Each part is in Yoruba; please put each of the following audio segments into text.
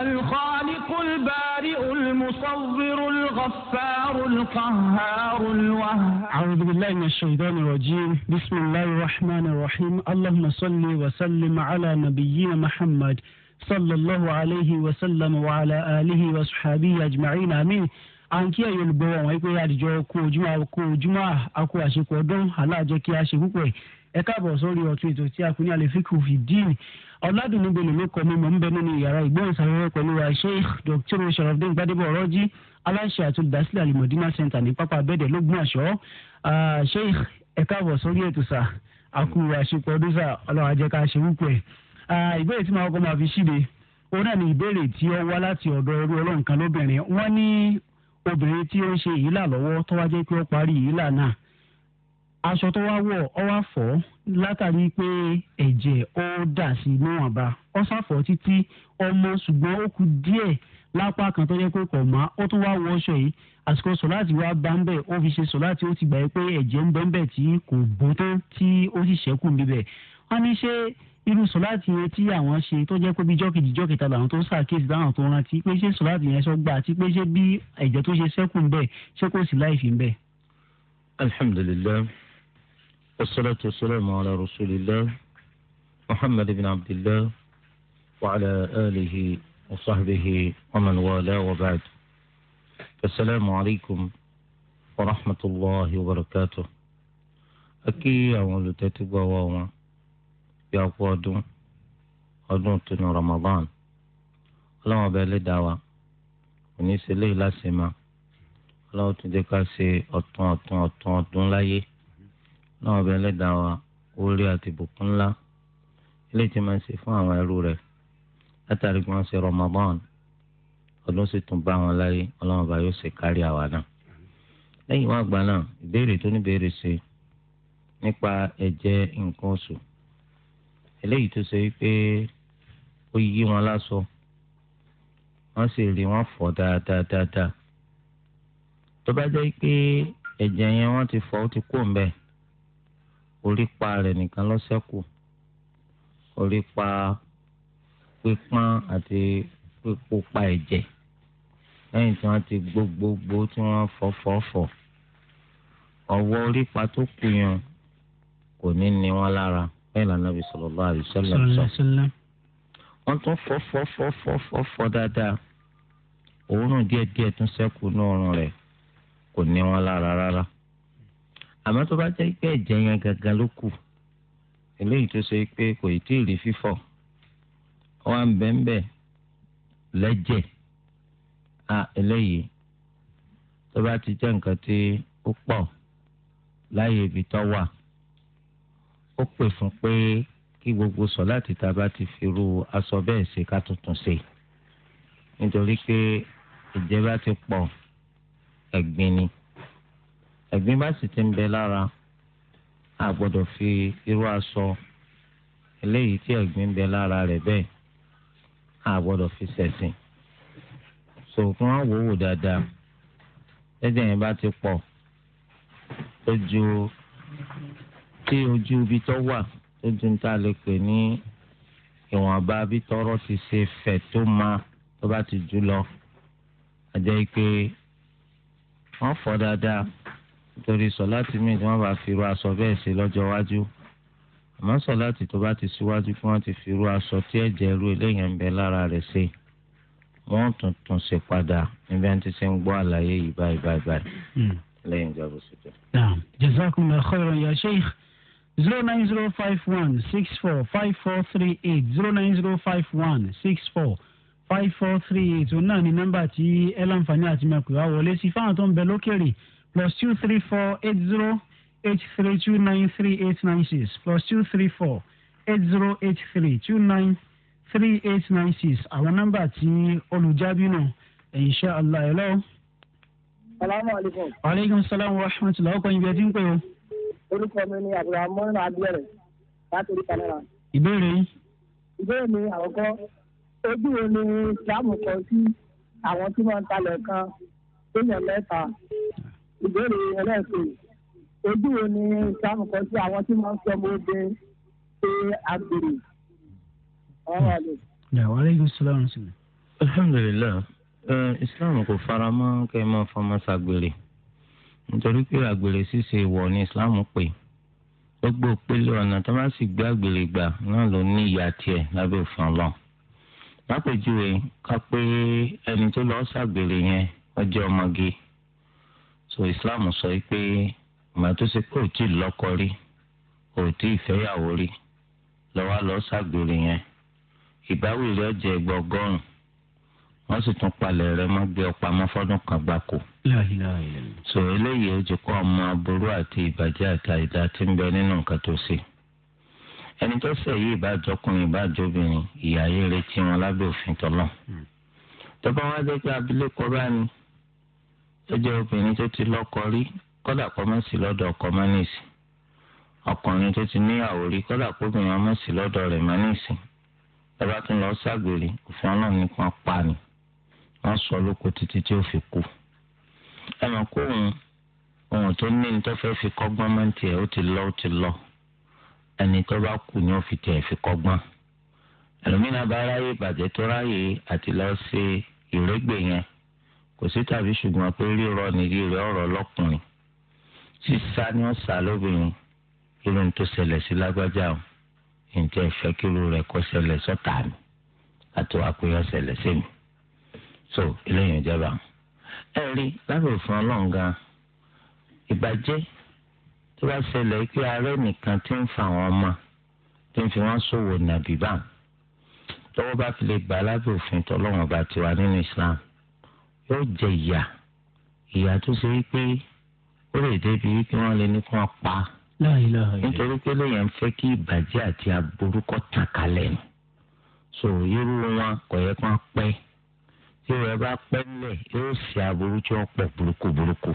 الخالق البارئ المصور الغفار القهار الوهاب أعوذ بالله من الشيطان الرجيم بسم الله الرحمن الرحيم اللهم صل وسلم على نبينا محمد صلى الله عليه وسلم وعلى آله وصحبه أجمعين آمين à ń kí ẹ̀yọ́ olùgbọ́ àwọn àdìjọ kó ojúmọ́ kó ojúmọ́ àkó àṣepọ̀ ọdún aláàjọ kí a ṣe púpọ̀ ẹ̀ káàbọ̀ sórí ọ̀tún ètò tí a kò ní àlè fíkù fìdí ọ̀làdùnúgbò lèmi kọ́ mi mọ̀ ń bẹ nínú yàrá ìgbóhùnsáfẹ́fẹ́ pẹ̀lú wa sheikh dr sharafdin gbadebo ọ̀rọ́jì aláṣẹ àti olùdásílẹ̀ alimọ̀dínà center ní pápá abẹ́dẹ̀ lógún àṣọ sheikh ẹ káàbọ̀ sórí ètò sà àkú àṣepọ̀ ọdún sà ọlọ́run á jẹ́ ká ṣe wúkú ẹ̀ ìbéèrè tí màá kọ́ máa fi ṣíde òun náà ni ìbéèrè tí ó wá láti ọ̀dọ̀ ẹrú ọlọ́run kan lóbìnrin wọ́n ní obìnrin tí ó ń ṣe ìyílà lọ́wọ́ tó pé ó parí ìyílà náà aṣọ tó wá wọ̀ ọ wá fọ̀ látàrí pé ẹ̀jẹ̀ ó dà sí níwọ̀nba ọ ṣàfọ̀ títí ọmọ ṣùgbọ́n ó kù díẹ̀ lápá kan tó jẹ́ pé kò mọ́ ó tún wá wọ ọṣọ yìí àsìkò sọ̀láàtì wá bá ń bẹ̀ ó fi ṣe sọ̀láàtì ó ti gbà pé ẹ̀jẹ̀ ń bẹ́ ń bẹ̀ tí kò bó tán tí ó sì ṣẹ́kù níbẹ̀ wọ́n ní ṣé irú sọ̀láàtì yẹn tí àwọn ṣe tó jẹ́ pé bí jọ́kìjì jọ́kìta làwọn tó ṣàkíyèsí láwọn tó rántí pé ṣé sọ̀láàtì yẹn sọ gbà àti pé ṣé bí ẹ̀jẹ̀ tó ṣe ṣẹ́kù ń bẹ̀ ṣé kò sí láì fi ń bẹ̀. alhamdulilayi والصلاة والسلام على رسول الله محمد بن عبد الله وعلى آله وصحبه ومن والاه وبعد السلام عليكم ورحمة الله وبركاته أكي أول تتبع وما يا قوادون ọdún tunu Ramadan ọlọ́wọ́n ọba ẹlẹ́dàá wa òní ṣe léyìí láṣẹ ma ọlọ́wọ́n tún jẹ́ ká náà ọbẹ̀ ẹlẹ́dàá wa orí àti ìbùkún ńlá ilé tí máa ń ṣe fún àwọn ẹrú rẹ̀ látàrí kí wọ́n ṣe Ramadan ọdún sì tún bá wọn láyé ọlọ́run bá yóò ṣe kárí àwa náà. lẹ́yìn wọn àgbà náà ìbéèrè tó níbèrè ṣe nípa ẹ̀jẹ̀ nǹkan oṣù eléyìí tó ṣe pé ó yí wọn láṣọ wọ́n sì rí wọn fọ̀ dáadáa dáadáa tó bá jẹ́ pé ẹ̀jẹ̀ yẹn wọ́n ti fọ̀ ó ti kó ń orípa rẹ̀ nìkan ló ṣẹ́kù orípa pípọ́n àti pípupa ẹ̀jẹ̀ lẹ́yìn tí wọ́n ti gbogbogbò tí wọ́n fọ́fọ́fọ́ ọ̀wọ́ orípa tó kù yẹn kò ní ní wọn lára bẹ́ẹ̀ lànà bí sallallahu alaihi wasallam wọ́n tún fọ́fọ́fọ́fọ́fọ́ dáadáa òórùn díẹ̀díẹ̀ tún ṣẹ́kù ní ọrùn rẹ̀ kò ní wọn lára rárá àmọ́ tó bá jẹ́ pé ẹ̀jẹ̀ yẹn gangan ló kù eléyìí tó ṣe pé kò ì tí ì rí fífọ̀ wọ́n á ń bẹ́ ń bẹ́ lẹ́jẹ̀ à eléyìí tó bá ti jẹ́ nǹkan tí ó pọ̀ láyé ibi tó wà ó pè fún pé kí gbogbo sọ láti ta bá ti fi ru aṣọ bẹ́ẹ̀ ṣe ká tuntun ṣe nítorí pé ìjẹ́ ti pọ̀ ẹ̀gbin ni ẹ̀gbin bá sì ti ń bẹ lára a gbọ́dọ̀ fi irú aṣọ eléyìí tí ẹ̀gbin ń bẹ lára rẹ̀ bẹ́ẹ̀ a gbọ́dọ̀ fi ṣẹ̀sìn sòkun àwòwò dáadáa ẹ̀jẹ̀ yẹn bá ti pọ̀ ojú tí ojú ibi tó wà ojú ń ta lè pè ní ìwọ̀nba bí tọrọ ti ṣe fẹ̀ tó máa tó bá ti jù lọ àjẹ́ pé wọ́n fọ̀ dáadáa nítorí sọláàtì míì tí wọ́n bá fi irú aṣọ bẹ́ẹ̀ ṣe lọ́jọ́ iwájú àmọ́ sọláàtì tó bá ti síwájú kí wọ́n ti fi irú aṣọ tí ẹ̀jẹ̀ irú eléyìí ń bẹ lára rẹ̀ ṣe wọ́n tún tún ṣe padà níbi ẹni tí ṣe ń gbọ́ àlàyé yìí báyìí báyìí báyìí hmm. lẹ́yìn ìjọba òṣèjọ. jazakumullahu khairan ya sheikh zero nine zero five one six four five four three eight zero nine zero five one six four five four three eight òun náà ni nọ́mbà tí ẹ láǹfààní àti mẹ́kùn-ún wá wọlé sí fáwọn tó ń bẹ lókèrè plus two three four eight zero eight three two nine three eight nine six plus two three four eight zero eight three two nine three eight nine six àwọn nọ́mbà tí olùjábí náà insha Allah hello. salaamaleykum. aleykum salaam wa rahmatulah ọkọ ibi ẹtí ń pè o. orúkọ mi ni abdulhamid abdulhamid láti orí kanara. ìbéèrè yìí. ìbéèrè mi àkọ́kọ́ ojú wo ni ìsìlámù kan sí àwọn tí wọ́n ń talẹ̀ kan lóyún mẹ́ta ìbéèrè ẹlẹ́sìn ojú wo ni ìsàmù kan sí àwọn tí wọ́n ń sọ ọmọdé ṣe àgbèrè alhamdulilayi islam kò fara mọ́ kẹ́ ẹ máa fọmọ ṣàgbèrè nítorí pé àgbèrè ṣíṣe wọ ní islam pè gbogbo ọ̀nà tó gbà náà ló ní ìyá tiẹ̀ lábẹ́ òfin so islam sọ pé ìgbà tó ṣe pé ò tí ì lọ́kọ rí ò tí ì fẹ́yàwó rí lọ́wọ́ lọ ṣàgbèrè yẹn ìbáwí rẹ̀ jẹ́ gbọgọrùn wọ́n sì tún palẹ̀ rẹ̀ mọ́ gbé ọ̀pá mọ́ fọ́dún kan gbáko. so eléyìí ó ti kọ́ ọmọ aburú àti ìbàjẹ́ àti àìdá tí ń bẹ nínú nǹkan tó ṣe. ẹni tó ṣẹ̀ yìí ìbájọkùnrin ìbájọbìnrin ìyáyé retí wọn lábẹ́ òfin tọ́lọ̀. Hmm. tó bá wá dé pé abilékọ bá ní tó jẹ́ obìnrin tó ti lọ́kọ rí kódà kó má sí lọ́dọ̀ ọkọ má nìsí ọkùnrin tó ti níyàwó rí kódà kó obìnrin má sí lọ́dọ̀ rẹ̀ má nìsí ẹ bá tún lọ ságbèrè òfin ọlọ́run nípa pa ni wọ́n sọ lóko títí tí ó fi kú ẹ mọ̀ kó òun òun tó ní ní tó fẹ́ fi kọ́gbọ́n máa tiẹ̀ ó ti lọ ó ti lọ ẹni tó bá kù ni ó fi tiẹ̀ fi kọ́gbọ́n ẹlòmínà bá ráyè ìbàjẹ́ tó ráyè àti lọ́ọ́ ṣe yẹn kò sí tàbí ṣùgbọ́n pé rírọ ni rírẹ ọ̀rọ̀ lọ́kùnrin sísá ni wọ́n sá lóbìnrin irun tó ṣẹlẹ̀ sí lágbájá o ǹjẹ́ ìfẹ́ kíru rẹ̀ kó ṣẹlẹ̀ sọ́tà mi àti wàá pé wọ́n ṣẹlẹ̀ sí mi so eléyìí ìjọba ẹ rí lábẹ́ òfin ọlọ́run gan ìbàjẹ́ tó bá ṣẹlẹ̀ pé ààrẹ nìkan ti ń fa àwọn ọmọ tó ń fi wọ́n ṣòwò nàbìbá tọ́wọ́ bá fi lè gbà lábẹ́ òfin tọ́lọ́run ọba tiwa nínú Islam ó jẹ ìyà ìyà tó ṣe wípé ó lè débi wípé wọ́n lè ní kí wọ́n pa á nítorí pé lèèyàn fẹ́ kí ìbàjẹ́ àti aburú tàn kálẹ̀ ni so irú wọn kò yẹ kó pẹ́ tí ìwé bá pẹ́ lẹ̀ yóò ṣe aburú tí wọ́n pọ̀ burúkú burúkú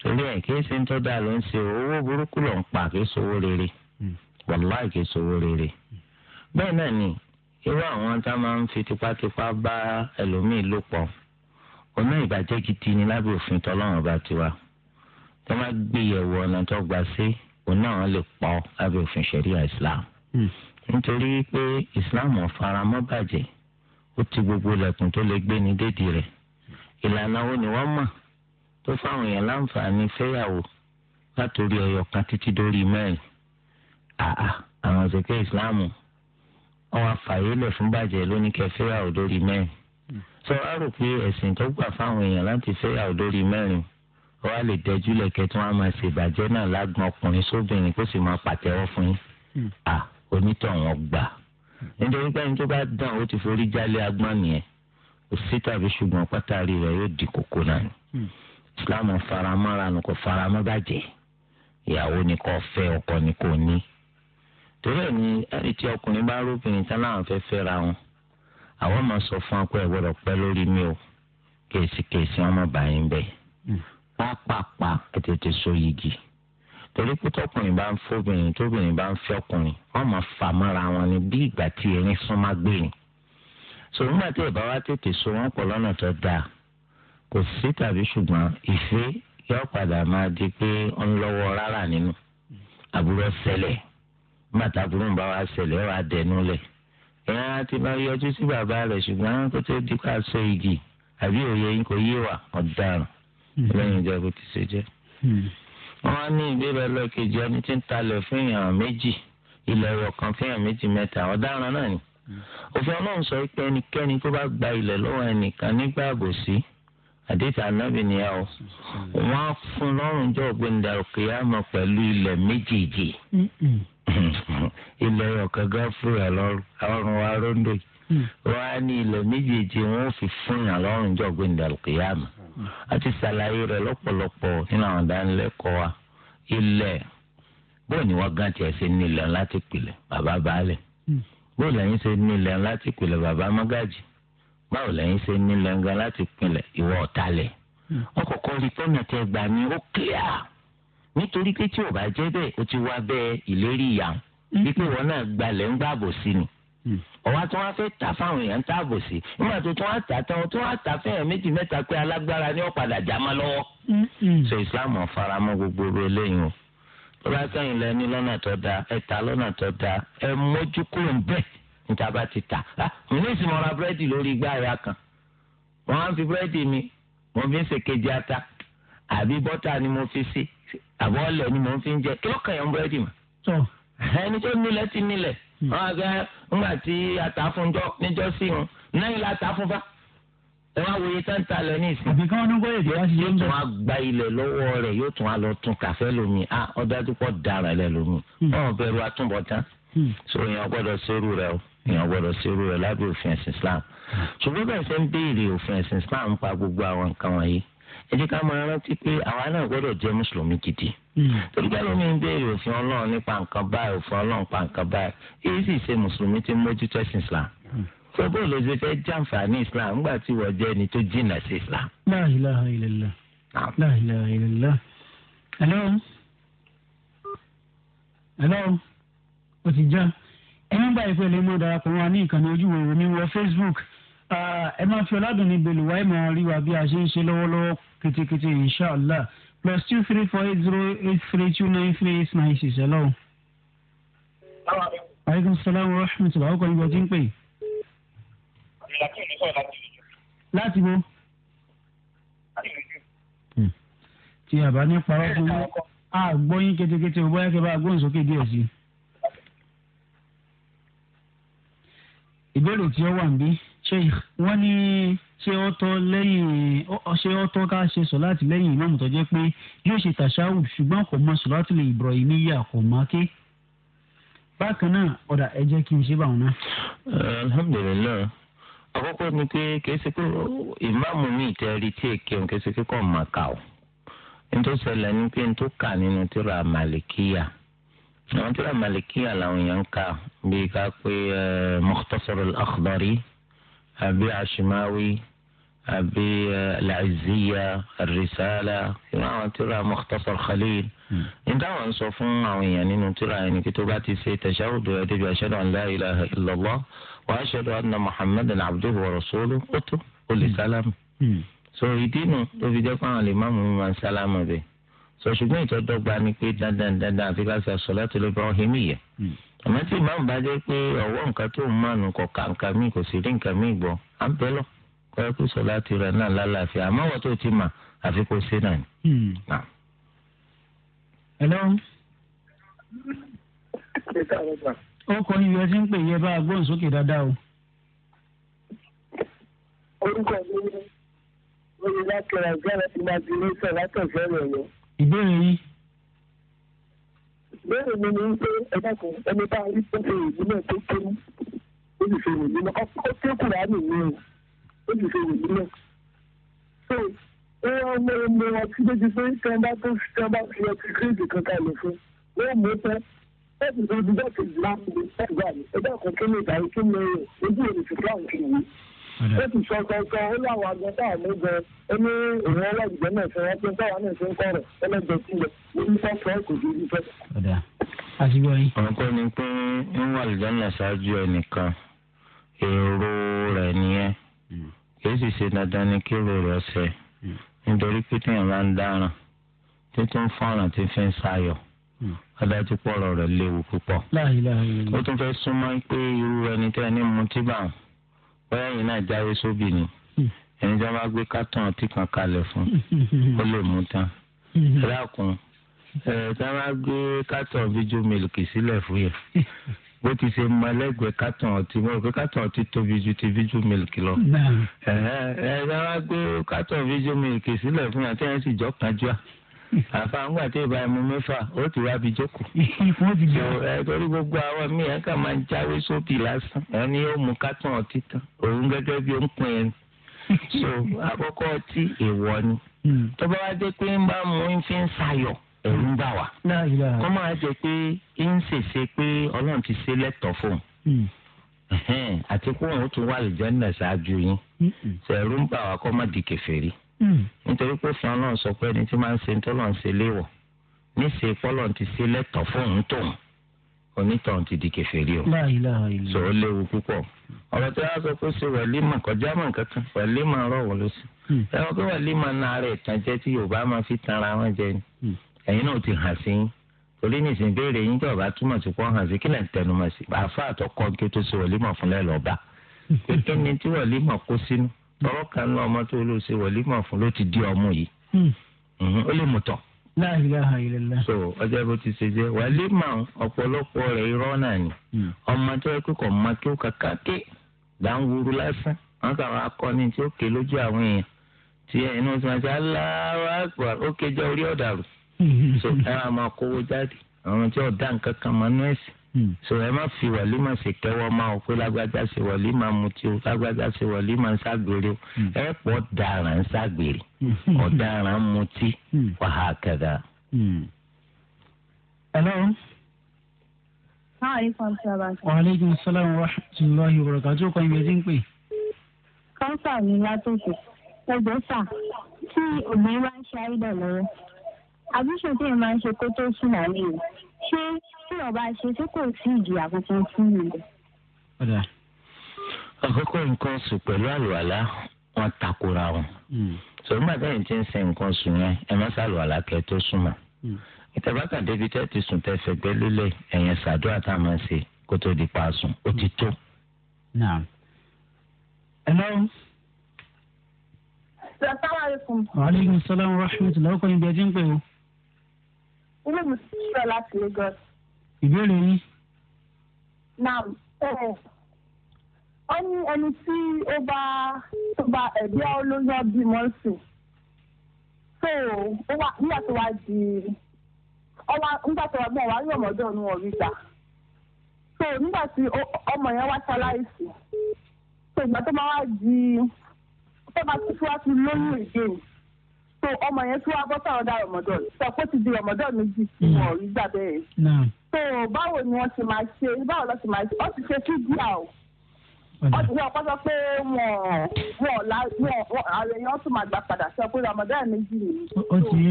torí ẹ̀ kí ṣe ń tọ́jà ló ń ṣe owó burúkú ló ń pa kí sowó rere hmm. wàláì kí sowó rere bẹ́ẹ̀ náà ni irú àwọn tá máa ń fi tipátipá bá ẹlòmíì lò pọ̀ ọ̀nà ìbàjẹ́ gidi ni lábẹ́ òfin tọ́lọ́run bá ti wá tó má gbé ọ̀nà tó gbà sí òun náà lè pọ̀ lábẹ́ òfin ṣẹ̀ríà islam hmm. nítorí pé islam ò fara mọ́ bàjẹ́ ó ti gbogbo lẹ̀kùn tó lè gbé ní dédì rẹ̀ ìlànà wo ni wọ́n mọ̀ tó fáwọn èèyàn láǹfààní fẹ́yàwó látòrí ọyọ kan títí dórí mẹ́rin àà àwọn òṣèké islam ọwọ́ àfàyè lẹ̀ fún bàjẹ́ lóníkẹ́ fẹ́yàwó dórí mẹ́rin tó wá rò pé ẹ̀sìn tó gbà fáwọn èèyàn láti fẹ́yàwó lórí mẹ́rin wọ́n á lè dẹjú lẹ̀kẹ́ tí wọ́n á máa ṣèbàjẹ́ náà lágbọn ọkùnrin sóbìnrin kó sì máa pàtẹ́wọ́ fún yín. Hmm. à onítọ̀hún gbà nítorí pé ẹni tó bá dàn ó ti forí jálé agbọ́n nìyẹn kò sí tàbí ṣùgbọ́n pátárì rẹ̀ yóò di kókó náà ni. Hmm. Islam faramọ́ra nù kò faramọ́ bàjẹ́ ìyàwó ni kò fẹ́ ọkọ ni kò ní. torí ẹ̀ ni ẹni tí ọkùnrin bá róbìnrin tán láwọn fẹ́ fẹ́ra wọn àwọn máa sọ fún akọ ẹgbọdọ pẹ lórí mi o kèsì kèsì ọmọ bàyìn bẹ hmm. pápápá tètè so yigi torí pé tọkùnrin bá ń fóbìnrin tóbìnrin bá ń fẹ́ ọkùnrin wọn máa fà mọ́ra wọn ni bí ìgbà tí erin sún má sòrò nígbà tí ìbá tètè so wọn pọ̀ lọ́nà tó dáa kò sí tàbí ṣùgbọ́n ìfẹ́ yóò padà máa di pé ó ń lọ́wọ́ rárá nínú àbúrò ṣẹlẹ̀ nígbà táburú ń bá wa ṣẹlẹ̀ ó wà dẹnu lẹ̀ ìyẹn á ti máa yọjú sí bàbá rẹ̀ ṣùgbọ́n kó tó di ká sọ igi àbí òye yín kò yé wa ọ̀daràn hmm. lẹ́yìn ìjà kò ti ṣe jẹ́. Hmm. wọ́n ní ìbéèrè lọ́kejì ẹni tí ń talẹ̀ fún èèyàn méjì ilẹ̀ ẹ̀rọ kan fún èèyàn méjì mẹ́ta ọ̀daràn náà ni. Hmm. òfin ọlọ́run sọ pé ẹnikẹ́ni tó bá gba ilẹ̀ lọ́wọ́ ẹnìkan nígbà àbòsí àdéhùn anábì ni ẹ o wọ́n fún lọ́rùn jọ́ ògbéǹdà òkè ilẹ̀ ọ̀kan gáfúrà lọ́rùn wa rọ́ńdò wọ́n á ní ilẹ̀ méjèèjì wọ́n fi fún yàn lọ́rùn jọ̀gbìn ṣàlàyé rẹ̀ lọ́pọ̀lọpọ̀ nínú àwọn ìdánilẹ́kọ̀ọ́ wa ilẹ̀ bóyá ni wọ́n gán tiẹ̀ ṣe ní ilẹ̀ láti pìlẹ̀ bàbá baálẹ̀ hmm. bóyá lẹ́yìn ṣe ní ilẹ̀ láti pìlẹ̀ bàbá mọ́gàjì báwo lẹ́yìn ṣe ní ilẹ̀ ńgá láti pìlẹ̀ ìwọ ọ̀talẹ̀ hmm. nítorí pé tí ò bá jẹ́ bẹ́ẹ̀ o ti wá bẹ́ẹ̀ ìlérí ìyá mm-hmm. wípé wọn náà gbalẹ̀ ń gbàbò sí ni ọwọ́ tí wọ́n fẹ́ tà fáwọn èèyàn ń tà bò sí nígbà tó tí wọ́n tà tán tí wọ́n tà fẹ́yàn méjì mẹ́ta pé alágbára ni ó padà já má lọ́wọ́. Mm-hmm. so Islam faramọ́ gbogbo eléyìí o lọ́la sẹ́yìn lẹ́ni lọ́nà tó da ẹ ta lọ́nà tó da ẹ mójú kúrò ń bẹ́ẹ̀ níta bá ti tà á ah, mi ní ìsìn mọ́ra búrẹ́dì lórí igbá ẹ̀yà kan wọ́n á fi búrẹ́dì mi mo fi ń ṣèkejì ata àbí bọ́tà ni mo fi sí. Si àbọ̀ ọ̀lẹ̀ ni mò ń fi ń jẹ kí lọ́kàn yẹn ń búrẹ́dì mà. ẹni tó nílẹ̀ ti nílẹ̀ hmm. wọn àgbẹ̀ ńgbà tí àtàfúnjọ níjọ́ sí wọn náà ilẹ̀ àtàfúnfà ẹ wá wòye tá ń ta lọ ní ìsìn. àbí káwọn onígbọ́ èdè wá sí yóò tún wá gba ilẹ̀ lọ́wọ́ rẹ̀ yóò tún wá lọ tún kàfẹ́ lómi à ah, ọdọ àdúgbò dára lẹ lómi hmm. wọn bẹ̀rù àtúbọ̀tán hmm. so èèyàn gbọ́dọ̀ ṣerú rẹ o èèyàn gbọ́dọ̀ ṣerú rẹ lábẹ́ òfin ẹ̀sìn Islam ṣùgbọ́n bẹ́ẹ̀ ṣe ń béèrè òfin ẹ̀sìn Islam pa gbogbo àwọn nǹkan wọ̀nyí ẹ jẹ́ ká máa rántí pé àwa náà gbọ́dọ̀ jẹ́ mùsùlùmí gidi. Hmm. torí báyìí mi ń béèrè òfin ọlọ́run nípa nǹkan báyìí òfin ọlọ́run pa nǹkan báyìí èyí sì ṣe mùsùlùmí tí mójútó ẹ̀sìn islam. Hmm. sọ bó ló ṣe fẹ́ jàǹfààní islam nígbà tí wọ́n jẹ́ ẹni tó jìnnà sí islam. la ilaha illallah la ilaha illallah. hello hello o ti já ẹni báyìí pẹ̀lú mọ́ darapọ̀ wa ní ìkànnì ojú wo mi wọ facebook ah, ẹ máa fi ọládùn níbẹ̀ lùwà wa bí a kìtìkìtì inshallah plus two three four eight zero eight three two nine three eight nine six hello. aleykum salaam wa rahmatulah ọkọ ìgbà tí ń pè. láti bo. tí a bá ní parọ́ fún mi a gbọ́ yín kétékété o bóyá kẹ́ bá gbóhùn sókè díẹ̀ sí i. ìbéèrè tí ó wà ń bí sheikh wọ́n ní ṣé ó tọ́ lẹ́yìn ṣé ó tọ́ ká ṣe sọ̀láàtì lẹ́yìn ìmáàmù tó jẹ́ pé yóò ṣe tàṣáwù ṣùgbọ́n kò mọ sọ̀láàtì lè Ibrahimiyya kò má ké bákan náà ọ̀dà ẹ jẹ́ kí n ṣe báwọn náà. alhamdulilayi àkọ́kọ́ ni pé kìí ṣe pé ìmáàmù mi ìtẹ́rí tí èké òun kìí pé kò má kà ó nítorí ṣẹlẹ̀ ni pé n tó kà nínú tíra màlìkíyà àwọn tíra màlìkíyà làwọn èèyàn ń kà bíi ká pé eh, Mukhtasar al àbí àṣìmáwí àbí làzíyà rìsálà ìwọ àwọn tíra Mukhtasar Khalil hmm. ní táwọn ń sọ fún àwọn èèyàn nínú tíra yẹn ni kí tó bá ti ṣe tẹ̀síwájú ẹ̀ débi ashhadu an la ilaha illallah wa ashhadu anna Muhammadan abduhu wa rasuluhu ó tó ó lè hmm. sálámù hmm. so ìdí nu tó fi jẹ́ pé àwọn lè má mú mi máa sálámù bẹ́ẹ̀ so ṣùgbọ́n ìtọ́dọ́gba ni pé dandan dandan àti ká ṣe as-salatu al-ibrahimiyya àmọ́ tí ìmáàmù bá jẹ́ pé ọ̀wọ́ nǹkan tó ń mọ̀nù kọ̀ ká nǹkan míì kò sì rí nǹkan míì gbọ́ à ń bẹ́ lọ kọ́ ẹ kó sọ láti rẹ̀ náà lálàáfíà àmọ́ wọ́n tó ti mà àfi kó ṣe náà ni. Hmm. hello. ó kọ ibi ẹ ti ń pè yẹ bá a gbóhùn sókè dáadáa o. orúkọ mi ni olùdákẹ́rẹ́ ìjọba ti máa di ilé iṣẹ́ látọ̀fẹ́ rẹ̀ yẹn. ìbéèrè yìí bẹ́ẹ̀ mi ni pé ẹ̀ka kan ẹni tá a rí tó ṣe ìlú náà tó kéwú ó sì ṣe ìlú náà ó ké kùránì mi o ó sì ṣe ìlú náà. so ó wá mọ ọmọ ọtí méjì pé tí wọn bá tó tí wọn bá fi ọtí kéèdì kan kalẹ̀ fún wọn mú pẹ́ láti fi ibi bẹ́ẹ̀ kejì láti fi ẹgbàá kan kí ni ìdáyé kí ni ojú èrè ti fáwọn kì í ó ti sọ kankan ó láwọn agbọn tá à mú gan ó ní òun ọlọ́dìgbẹ́ náà fún wọn pé táwa náà ṣe ń kọ̀rọ̀ ẹlẹ́gbẹ́ sílẹ̀ lórí sọ́kọ̀ọ́ kò sí ibi fẹ́. àtìgbọ́ yìí. ọ̀nkọ́ ni pé ń wà lùdánù ṣáájú ẹnìkan èrò rẹ̀ nìyẹn kì í sì ṣe dandan ni kí èrò rẹ̀ ṣẹ nítorí pé téèyàn bá ń dáràn títún fọ́nrán tí fi ń sayọ̀ adájú pọ̀rọ̀ rẹ̀ léwu púpọ̀. ó tún fẹ́ súnmọ́ pé irú ẹni tẹ́ ẹni mutí bá bóyá ẹ̀yin náà jáwé sóbì ni ẹni tí wọ́n bá gbé kátàn ọtí kan kalẹ̀ fún ó lè mú tán rákun ẹ tí wọ́n bá gbé kátàn bíjú mílìkì sílẹ̀ fún yẹ bó ti ṣe mọ ẹlẹgbẹẹ kátàn ọtí mo rò pé kátàn ọtí tóbi ju ti fíjú mílìkì lọ ẹ ẹ ẹ tí wọ́n bá gbé kátàn fíjú mílìkì sílẹ̀ fún yẹ tí wọ́n sì jọ kájú à àfa ńgbà tí ìbá ẹmu mẹ́fà ó ti wá bí jókòó. ìfún ti gbà. ẹ torí gbogbo àwọn míì ẹ kàn máa ń jáwé sóbì lásán ẹni yóò mú kátàn ọtí tán òun gẹ́gẹ́ bí ó pin ẹni. so àkọ́kọ́ ọtí èèwọ̀ ni. Hmm. tó bá wá dé pé ń bá mú ń fi ń sayọ̀ ẹ̀rù ń bà wá. kó máa jẹ pé ń ṣèṣe pé ọlọ́run ti ṣe lẹ́tọ̀ọ́ fóun hmm. àti kóun ó tún wà lè jẹ́ ń nà ṣáájú yín hmm. ṣẹ̀rù ń bà wá kó má di kèfèrí. Hmm. nítorí pé fún ọlọ́run sọ pé ẹni tí máa ń ṣe ní ṣe léwọ̀ níṣẹ́ pọ́lọ́run ti ṣe lẹ́tọ̀ fóun ti di o. sọ̀rọ̀ léwu púpọ̀ ọ̀rọ̀ tí wọ́n sọ pé ṣe wàlímà kọjá hmm. mọ̀ kankan wàlímà rọ̀wọ̀ ló sí. ẹ̀rọ pé wàlímà náà rẹ̀ tán jẹ́ tí yorùbá máa fi tan ara wọn jẹ ni. Hmm. ẹ̀yin náà ti hàn sí yín torí nìsín béèrè yín tí ọ̀bá túmọ̀ sí pọ́ hàn sí kí lẹ́yìn sí. àfa tó tọrọ kan náà hmm. ọmọ tó lọ ṣe wọlé mọ fún ló ti di ọmọ yìí hmm. mhm, ó lè mú tọ. la ilaha illallah. so ọjọ́ bó ti ṣe jẹ́ wàlé mà ọ̀pọ̀lọpọ̀ rẹ̀ irọ́ náà ni hmm. ọmọ tó yẹ kíkọ̀ kí ó kàkà ké lásán wọn kà wọn akọni tí ó ké lójú àwọn èèyàn tí tí wọn so ẹ máa kówó jáde Hmm. so ẹ má fi wàlímà ṣe kẹwọ́ máa pé lágbájá ṣe wàlímà mutí o lágbájá ṣe wàlímà ń ṣàgbèrè o hmm. ẹ pọ̀ dàrán ń ṣàgbèrè hmm. ọ̀daràn mutí wàhálà kẹdà. hello. hi fọnṣẹ abasi. waaleykum salaam wa rahmatulahi wa barakatuh ọkọ ìgbẹ́ tí ń pè. kọ́ńtà mi látòkè ẹgbẹ́ fà tí obìnrin bá ń ṣe àìdá lọ́wọ́ àbúṣe tí èèyàn máa ń ṣe kó tó sùn àlè yìí ṣé tí ọba ṣe ṣé kò sí ìjìyà kankan fún mi lọ. àkókò nǹkan oṣù pẹ̀lú àlùwàlá wọn takora wọn sọ̀rọ̀ bàtà yìí ti ń sin nǹkan oṣù yẹn ẹ má ṣàlùwàlá kẹ́ tó súnmọ́ hmm. ìtàbátà débi tẹ́ ti sùn tẹ́ fẹ̀gbẹ́ lélẹ̀ ẹ̀yẹn ṣàdúrà tá a máa ṣe kó tó di pa sùn ó ti tó. hello. salaamaleykum. waaleykum salaam wa rahmatulah ọkọ ìgbẹ́jẹ́ ń pè o ilé mi sọ láti Lagos. ìbéèrè yín. naam ó ní ẹni tí ó bá tó bá ẹ̀bí olóyún ọbí mọ́sùn so ó wà nígbà tó wá di ọwá nígbà tó wá gbọ́n wá yọ̀ mọ́dọ̀ ọ̀nù ọ̀rí gbà so nígbà tí ọmọ yẹn wá ṣaláìsì so ìgbà tó máa wá di tó bá tó wá ti lóyún ìgbéyìí so ọmọ yẹn tún wá bọ́ sáwọn dá rọmọdọ́n sọ pé ti di rọmọdọ́n méjì tí hmm. wọn ò rí gbà bẹ́ẹ̀. so báwo ni wọ́n ti máa ṣe báwo lọ́ ti máa ṣe wọ́n ti ṣe fídíà o wọ́n ti ṣe ọ̀pọ̀ sọ pé wọ́n wọ́n la wọ́n àwọn èèyàn tún máa gbà padà sọ pé rọmọdọ́n méjì nìyí so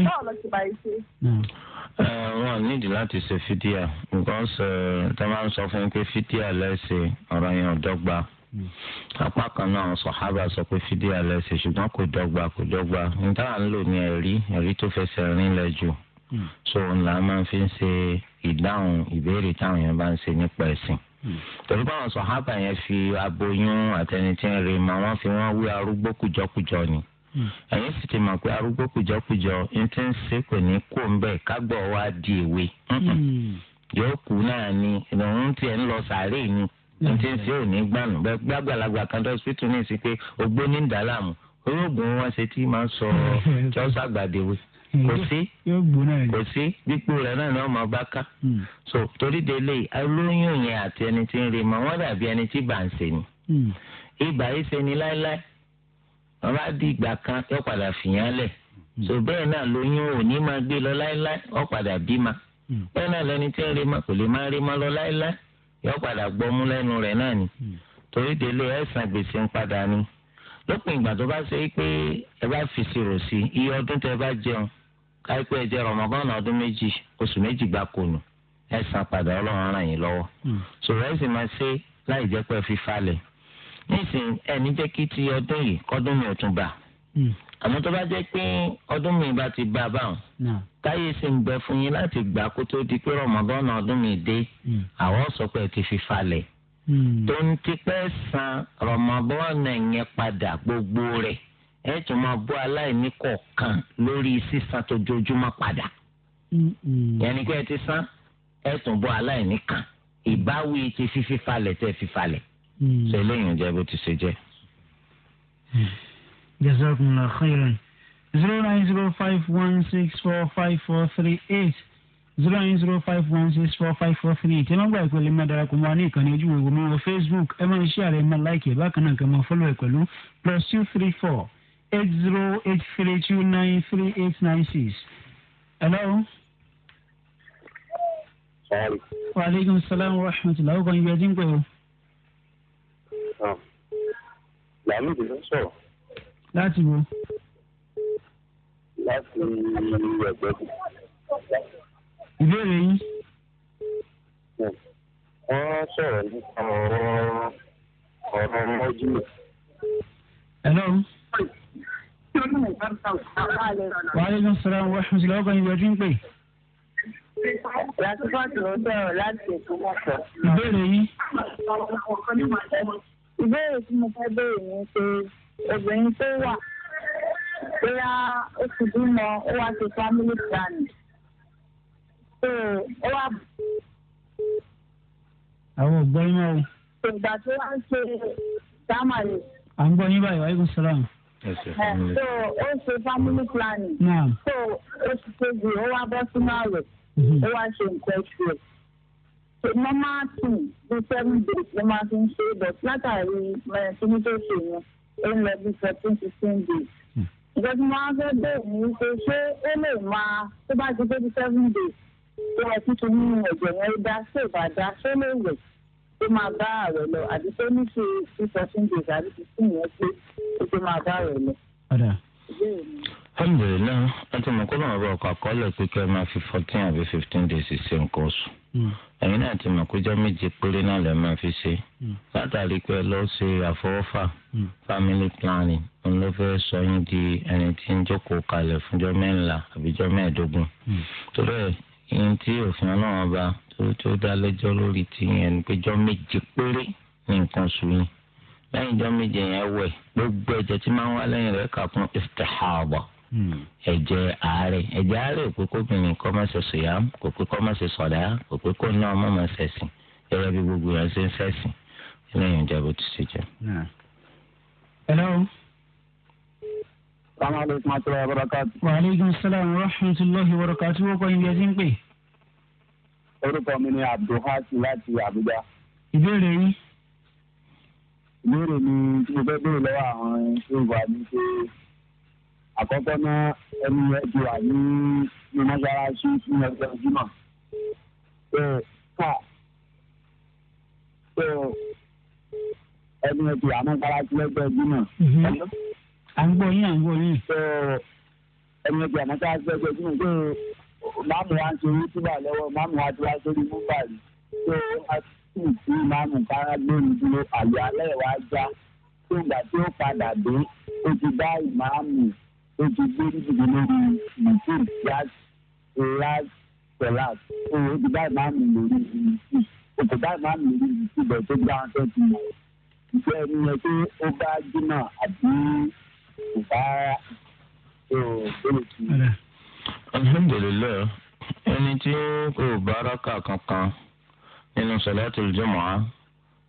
báwo lọ́ ti máa ṣe wọn nídi láti ṣe fídíà nǹkan ṣe tí wọn máa ń sọ fún yín pé fídíà lẹ́sẹ̀ ọ̀rọ̀ yẹn ò dọ́gba Hmm. apá kan náà àwọn sọ̀hábà sọ pé fídíò alẹ́ ṣe ṣùgbọ́n kò dọ́gba kò dọ́gba níta à ń lò ní ẹ̀rí ẹ̀rí tó fẹsẹ̀ rinlẹ̀ jù hmm. so ńlá máa fi ń ṣe ìdáhùn ìbéèrè táwọn yẹn bá ń ṣe nípa ẹ̀sìn hmm. torí báwọn sọ̀hábà yẹn fi aboyún àtẹnití ń re mà wọ́n fi wọ́n wí arúgbó kùjọkùjọ ni ẹ̀yin sì ti mọ̀ pé arúgbó kùjọkùjọ ń ti ń ṣe kò ní kó ń bẹ̀ kágbọ̀ wá di èwe yóò kú náà ni ìrọ̀rùn tiẹ̀ ń lọ sàárè ni. ntí mm-hmm. ń ṣe òní gbànú bí àgbàlagbà kan tó ṣètò ní pé ogbó ní wọn ṣe tí máa sọ mm-hmm. kò sí so torí délé olóyún yẹn àti ẹni tí ń rí mọ wọn dàbí ẹni tí ń ni ibà mm. yìí ṣe ni láéláé wọn padà fìyàn mm. so bẹ́ẹ̀ náà lóyún ò ní gbé lọ láéláé padà bí ma mm. bẹ́ẹ̀ náà lẹni tí ń rí mọ kò lè máa rí mọ lọ láéláé. yọ padà gbọ́mú lẹ́nu rẹ̀ náà ni hmm. torí délé ẹ̀sán gbèsè ń padà ni lópin ìgbà tó bá ṣe é pé ẹ bá fèsìrò sí iye ọdún tẹ bá jẹun káyipẹ́ ẹ jẹ rọmọgán ọdún méjì oṣù méjì gbáko nù ẹ̀sán padà ọlọ́run ràn yín lọ́wọ́ hmm. sọ̀rọ̀ ẹ̀sìn máa ṣe láì jẹ́ pé ẹ fi falẹ̀ nísìnyí ẹni jẹ́ kí ti ọdún yìí kọ́dún mi ò tún bà hmm àmọ́ tó bá jẹ́ pé ọdún mi bá ti bá a báwọn táyé sì ń bẹ fún yín láti gbà kó tó di pé rọmọdọ́nà ọdún mi dé hmm. àwọn sọ pé ti fi falẹ̀ hmm. tó ń tipẹ́ san rọmọdọ́nà yẹn padà gbogbo rẹ̀ ẹ tún máa bọ́ aláìní kọ̀ọ̀kan lórí sísan tó jojúmọ́ padà hmm. yẹn pé ẹ ti san ẹ tún bọ́ aláìní kan ìbáwí ti fífi falẹ̀ tẹ́ fífalẹ̀ ṣe lẹ́yìn ìjẹ́ bó ti ṣe jẹ́ jazakumullahu khairan zero nine zero five one six four five four three eight zero nine zero five one six four five four three eight ẹ má gbà ìpele máa darapọ̀ mọ́ ní ìkànnì ojú ìwé mi wọ facebook ẹ máa ṣe àrẹ máa láìkì ẹ bákan náà kẹ máa fọlọ́ ẹ pẹ̀lú plus two three four eight zero eight three two nine three eight nine six. hello. wa aleykum salaam wa rahmatulah ọkàn yóò dín pẹ̀lú. Ah. làmì ìdílé sọ̀rọ̀ láti wo. láti ẹgbẹ́ mi. ìbéèrè yín. wọ́n sọ̀rọ̀ nípa ọ̀rọ̀ mọ́jú. hello. wa aleykum salaam wa rahmatulah ọkọ ìwé tí ń pè. láti fọ́ọ̀tù ló sọ̀rọ̀ láti ètò mọ́tò. ìbéèrè yín. ìbéèrè tí mo fẹ́ béèrè ni pé obìnrin tó wà bóyá ó ti bímọ ó wá ṣe family planning so ó wá. àwọn ògbọ́n yín máa wò. ìgbà tó wá ń ṣe sàmàlì. à ń gbọ́ yín báyìí wàhálà sàlámù. so ó ṣe family planning. so ó ti kejì ó wá bọ́ sínú àwẹ̀ mhm. ó wá ṣe nǹkan oṣù rẹ̀ normal thing bí seven days ló máa fi ń ṣe é but látàrí mẹ́rin tí mo tó ṣe yẹn ó ń lọ bí fourteen fifteen days hmm. ìjọba tí wọ́n á fẹ́ bẹ́ẹ̀ ni pé ṣé ó lè máa tó bá ti twenty seven days tó wọ́n ti tún nínú ẹ̀jẹ̀ yẹn dá ṣé ìbá dá ṣé lè wẹ̀ tó máa bá ààrẹ lọ àti tó ní ṣe fourteen days àti fifteen yẹn pé ó tó máa bá ààrẹ lọ alhamdulilayi wọn ti mọ kó lóun ọba ọkọ àkọọ́lẹ̀ pé kí ẹ máa fi fourteen àbí fifteen days ṣe nǹkan oṣù hmm. ẹ̀yin náà ti mọ kó jẹ méje péré náà lẹ máa fi ṣe hmm. látàrí pé ẹ lọ ṣe àfọwọ́fà hmm. family planning òun ló fẹ́ sọ yín di ẹni tí ń jókòó kalẹ̀ fúnjọ́ mẹ́ńlá àbíjọ́ mẹ́ẹ̀ẹ́dógún torí ẹ̀ ìyẹn tí òfin ọlọ́run ọba tó dá lẹ́jọ́ lórí ti yẹn ni pé jọ́ méje péré ní nǹkan oṣù yìí lẹ́yìn jọ́ méje yẹn wẹ̀ gbogbo ẹ̀jẹ̀ tí máa ń wá lẹ́yìn rẹ̀ kà fún istihaba Hmm. ẹ̀jẹ̀ àárẹ̀ ẹ̀jẹ̀ àárẹ̀ kò pé kóbìnrin kọ́ máa ṣe sòyà kò pé kọ́ máa ṣe sọ̀dá kò pé kó ná ọmọ máa ṣẹ̀sìn gẹ́gẹ́ bí gbogbo yẹn ṣe ń ṣẹ̀sìn lẹ́yìn ìjà bó ti ṣe jẹ́. hello. salaamaleykum àti wa barakatu. wa aleykum salaam wa rahmatulahi wa barakatu wọ́n kọ́ ibi ẹ ti ń pè. orúkọ mi ni abdulhasi láti Àbújá. ìbéèrè yìí ìbéèrè mi tí mo fẹ́ béèrè lọ́wọ́ àwọn tí ó wà ní ṣe àkọ́kọ́ náà ẹni yẹn ti wà ní ní mọ́ṣáláṣí ní ọjọ́ ìjùmọ̀ tó kà tó ẹni yẹn ti wà ní mọ́ṣáláṣí lọ́jọ́ ìjùmọ̀. Mhm. à ń gbọ́ yín à ń gbọ́ yín. tó ẹni yẹn ti wà ní mọ́ṣáláṣí lọ́jọ́ ìjùmọ̀ tó máàmù wa ń ṣe orí túbà lọ́wọ́ máàmù wa ti wá sórí múbà yìí tó a sì sí máàmù kára gbóòrùn dúró àyè alẹ́ wa já tó gbà tí padà dé ó ti bá ìmáàmù ó ti gbé nídìbò lórí nigeria yaz yaz pẹlas ó ó ti bá ìmáàmù lórí nigeria ó ti bá ìmáàmù lórí nigeria tó gbá wọn tẹ́tí mọ́ ìfẹ́ ẹni yẹn pé ó bá jìnnà àbí kò bá ó lè tún. alhamdulilayi ẹni tí kò bá rákà kankan nínú sọlá tó lè mọ́ á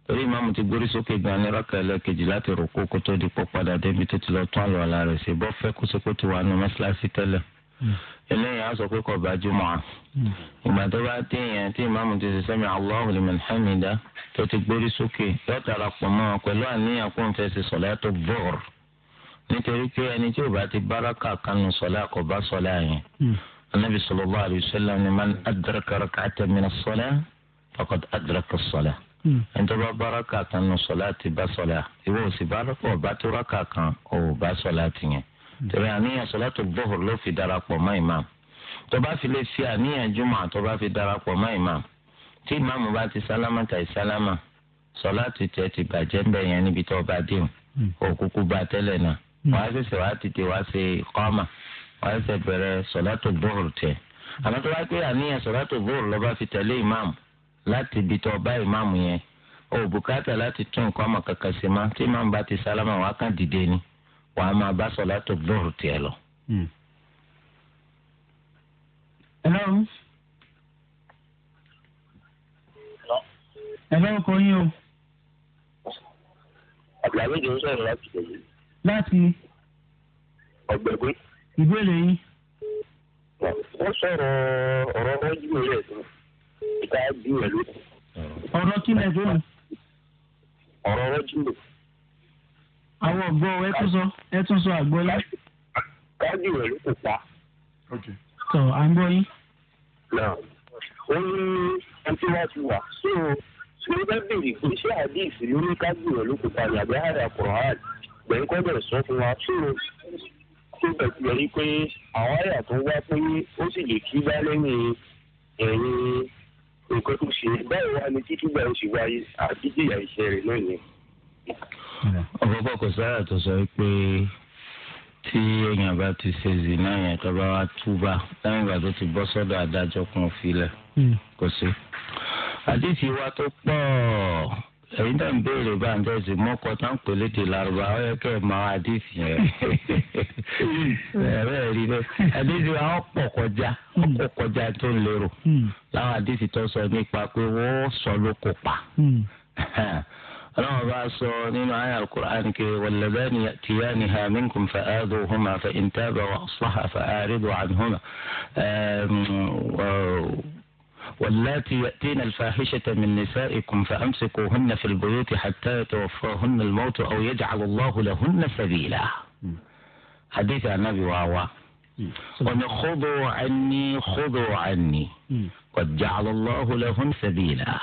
torí ìmáàmù ti gbórí sókè gan ní rákà ẹlẹ́kejì láti rò kó kó tó di pọ̀ padà débi tó ti lọ tún àlọ́ àlá rẹ̀ ṣe bọ́ fẹ́ kó sókè tó wà nù mọ́ṣáláṣí tẹ́lẹ̀ hmm. eléyìí á sọ pé kò bá jùmọ̀ à hmm. ìgbà tó bá dé yẹn tí ìmáàmù ti ṣe sẹ́mi Allahu liman hamida tó ti gbórí sókè yóò tara pọ̀ mọ́ pẹ̀lú àníyàn kó n fẹ́ ṣe sọ̀láàtù dhuhr nítorí pé ẹni tí ò bá ti báràkà kanu sọ̀lá faqad adraka as-salah hmm. ẹnitọba baraka kan nù sọlá ti bá sọlá ìwọ òsì baraka ọba tó raka kan ò bá sọlá ti yẹn hmm. torí àníyàn sọlá tó bọ̀hùr ló fi darapọ̀ mọ́ imam tọba fi lè fi àníyàn jùmọ̀ àtọba fi darapọ̀ mọ́ imam tí imam bá ti sálámà tàì sálámà sọlá ti tẹ ti bàjẹ́ ń bẹ̀ yẹn níbi tó bá dé o òkúkú hmm. bá tẹ́lẹ̀ náà wàá ṣẹ̀ṣẹ̀ wàá tètè wàá ṣe kọ́mà wàá ṣẹ̀ṣẹ̀ bẹ̀rẹ̀ sọlá tó bọ̀hùr tẹ̀ àmọ́ tó bá pé àníyàn sọlá tó bọ̀hùr ló bá fi tẹ̀lé imam láti ibi tó bá ìmáàmù yẹn o ò bùkátà láti tún nǹkan ọmọ kankan sí ma tí ìmáàmù bá ti sálámà wà á kàn dìde ni wà á máa bá sọ̀látù Zuhur tiẹ̀ lọ. ẹ̀lọ́ ẹ̀lọ́ kò yín o. àbúrò ń sọ̀rọ̀ láti tẹ̀lé. láti. ọ̀gbẹ̀gbé. ìbéèrè yín. wọ́n sọ̀rọ̀ ọ̀rọ̀ ọjọ́ ìrẹsì ìka bí ẹ̀ ló. ọ̀rọ̀ kí lẹ fún mi. ọ̀rọ̀ ọ̀rọ̀ jùlọ. àwọn ọ̀gbọ́ ẹ tún sọ ẹ tún sọ àgbọ́lá. káàdì rẹ̀ ló kò pa. tọ à ń gbọ́ yín. náà ó ní ohun tí wọ́n ti wà sí o ṣé ó bá béèrè pé ṣé àdéhìsì ló ní káàdì rẹ̀ ló kò pa ní àbí àdà kọ̀ọ̀ hàn gbẹ̀yìn kọ́ bẹ̀rẹ̀ sọ fún wa ṣé o tó bẹ̀rẹ̀ yọrí pé àwọn àyà tó wá pé ó sì lè kí bá lẹ́yìn ẹ̀yìn nǹkan tó ṣe báwo wá ni títí gbà ó sì wáyé àti jìyà iṣẹ́ rẹ̀ náà yẹn. ọ̀pọ̀pọ̀ kò sáyà tó sọ pé tí èèyàn bá ti ṣe zina yẹn tó bá wá túbà lẹ́yìn ìgbà tó ti bọ́ sọ́dọ̀ adájọ́ kan filẹ̀ hmm. kò sí. àdìsí wa tó pọ̀ ẹ̀yin náà ń béèrè bá ń tẹ̀sí mọ́kọ tán pè lédè làrúbá ọ yẹ kẹ́ ẹ máa àdéhìí yẹn bẹ́ẹ̀ rí bẹ́ẹ̀ àdéhìí àwọn pọ̀ kọjá ọkọ̀ kọjá tó ń lérò láwọn àdéhìí tó sọ nípa pé wọ́n sọ ló kó pa ọlọ́run bá sọ nínú àyà alukur'an kí wàlẹ́bẹ́ni tìyáni ha minkum fa aadu huma fa intaaba wa aslaha fa aaridu anhuma. واللاتي يأتين الفاحشة من نسائكم فأمسكوهن في البيوت حتى يتوفاهن الموت أو يجعل الله لهن سبيلا حديث أبي وهو قل خذوا عني خذوا عني قد جعل الله لهن سبيلا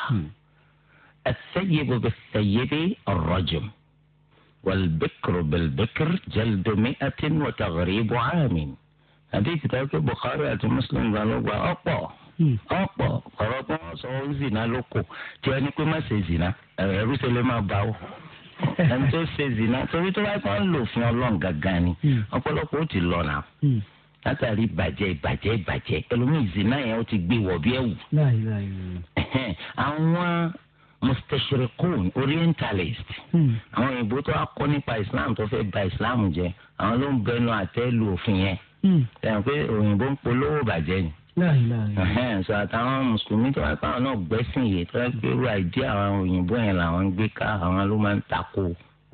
الثيب بالثيب الرجم والبكر بالبكر جلد مئة وتغريب عام حديث ذلك البخاري مسلم قالوا أقوى Hmm. ọ̀pọ̀ ọ̀rọ̀ pé wọ́n sọ zina ló kù tí ẹni pé má ṣe zina ẹ̀rú ṣe lè máa bá wọ ẹni tó ṣe zina torí tó bá kọ́ ń lò fún ọlọ́run gangan ni hmm. ọ̀pọ̀lọpọ̀ ó ti lọ nà hmm. látàrí ìbàjẹ́ ìbàjẹ́ ìbàjẹ́ ẹlòmíì zina yẹn ó ti gbé wọ̀ bí ẹ̀wù. àwọn mustachirikun orientalist àwọn òyìnbó tó wá kọ́ nípa islam tó fẹ́ bà islam jẹ́ àwọn ló ń bẹnu àtẹ́ lu òfin yẹn. ẹ̀yìn pé òyìnbó ń polówó bàjẹ́ ni ẹ̀hẹ́n sọ àtàwọn mùsùlùmí tó wá fáwọn náà gbẹ́sìn yìí tó wá pé irú àìdí àwọn òyìnbó yẹn làwọn ń gbé ká àwọn ló máa ń takò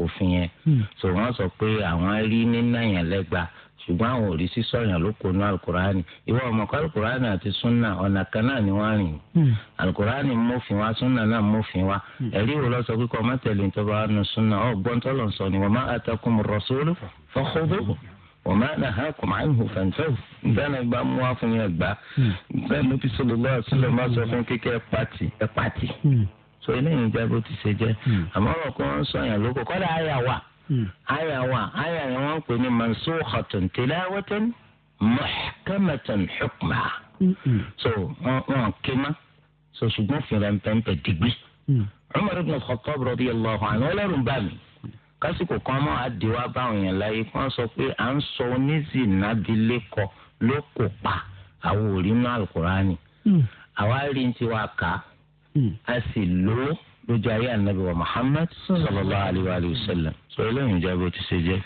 òfin yẹn hmm. so wọ́n sọ pé àwọn rí nínà yẹn lẹ́gbàá ṣùgbọ́n àwọn ò rí sísọ yẹn ló kó nu alukurani ìwọ ọmọkọ alukurani àti sunna ọ̀nà kan náà ni wọ́n rìn hmm. alukurani mọ́fin wa sunna náà mọ́fin wa hmm. ẹ̀rí wo lọ sọ pé kọ́ ọmọ tẹ̀lé ń tọ́ bá nù sunna ọ̀ gbọ́ntọ́ lọ sọ ni wọ́n má àtàkùn rọ̀ sórí fọ́kọ́ bẹ́ẹ̀ ọmọ àdáhà kò máa ń hù fẹ̀ǹtẹ́ ò dáná bá mú wá fún yẹn gbà hmm. bẹ́ẹ̀ ló fi sọ̀rọ̀ lọ́wọ́ sílẹ̀ má sọ hmm. fún kíkẹ́ ẹ pàtì ẹ pàtì hmm. so eléyìí jẹ́ bó ti ṣe jẹ́ àmọ́ ọ̀rọ̀ kan ń sọ yẹn lóko kọ́dà àyà wà àyà wà àyà yẹn wọ́n pè ní mansukhatun tilawatan muhkamatan hukma so wọn kí so ṣùgbọ́n fìrẹ̀ǹpẹ̀ǹpẹ̀ dìgbì Umar ibn al-Khattab radiyallahu anhu ọlọ́run bá mi kásìkò kan mọ́ àdéhùn abáwọn èèyàn láyé kí wọ́n sọ pé à ń sọ oníṣìnàbílẹ̀kọ ló kò pa àwọn òrìnnà alukurani hmm. àwa rí ní tiwa ká hmm. a sì lò ó lójú ayé anabi wa muhammad sallallahu alayhi wa sallam sọ eléyìí jẹ bó ti ṣe jẹ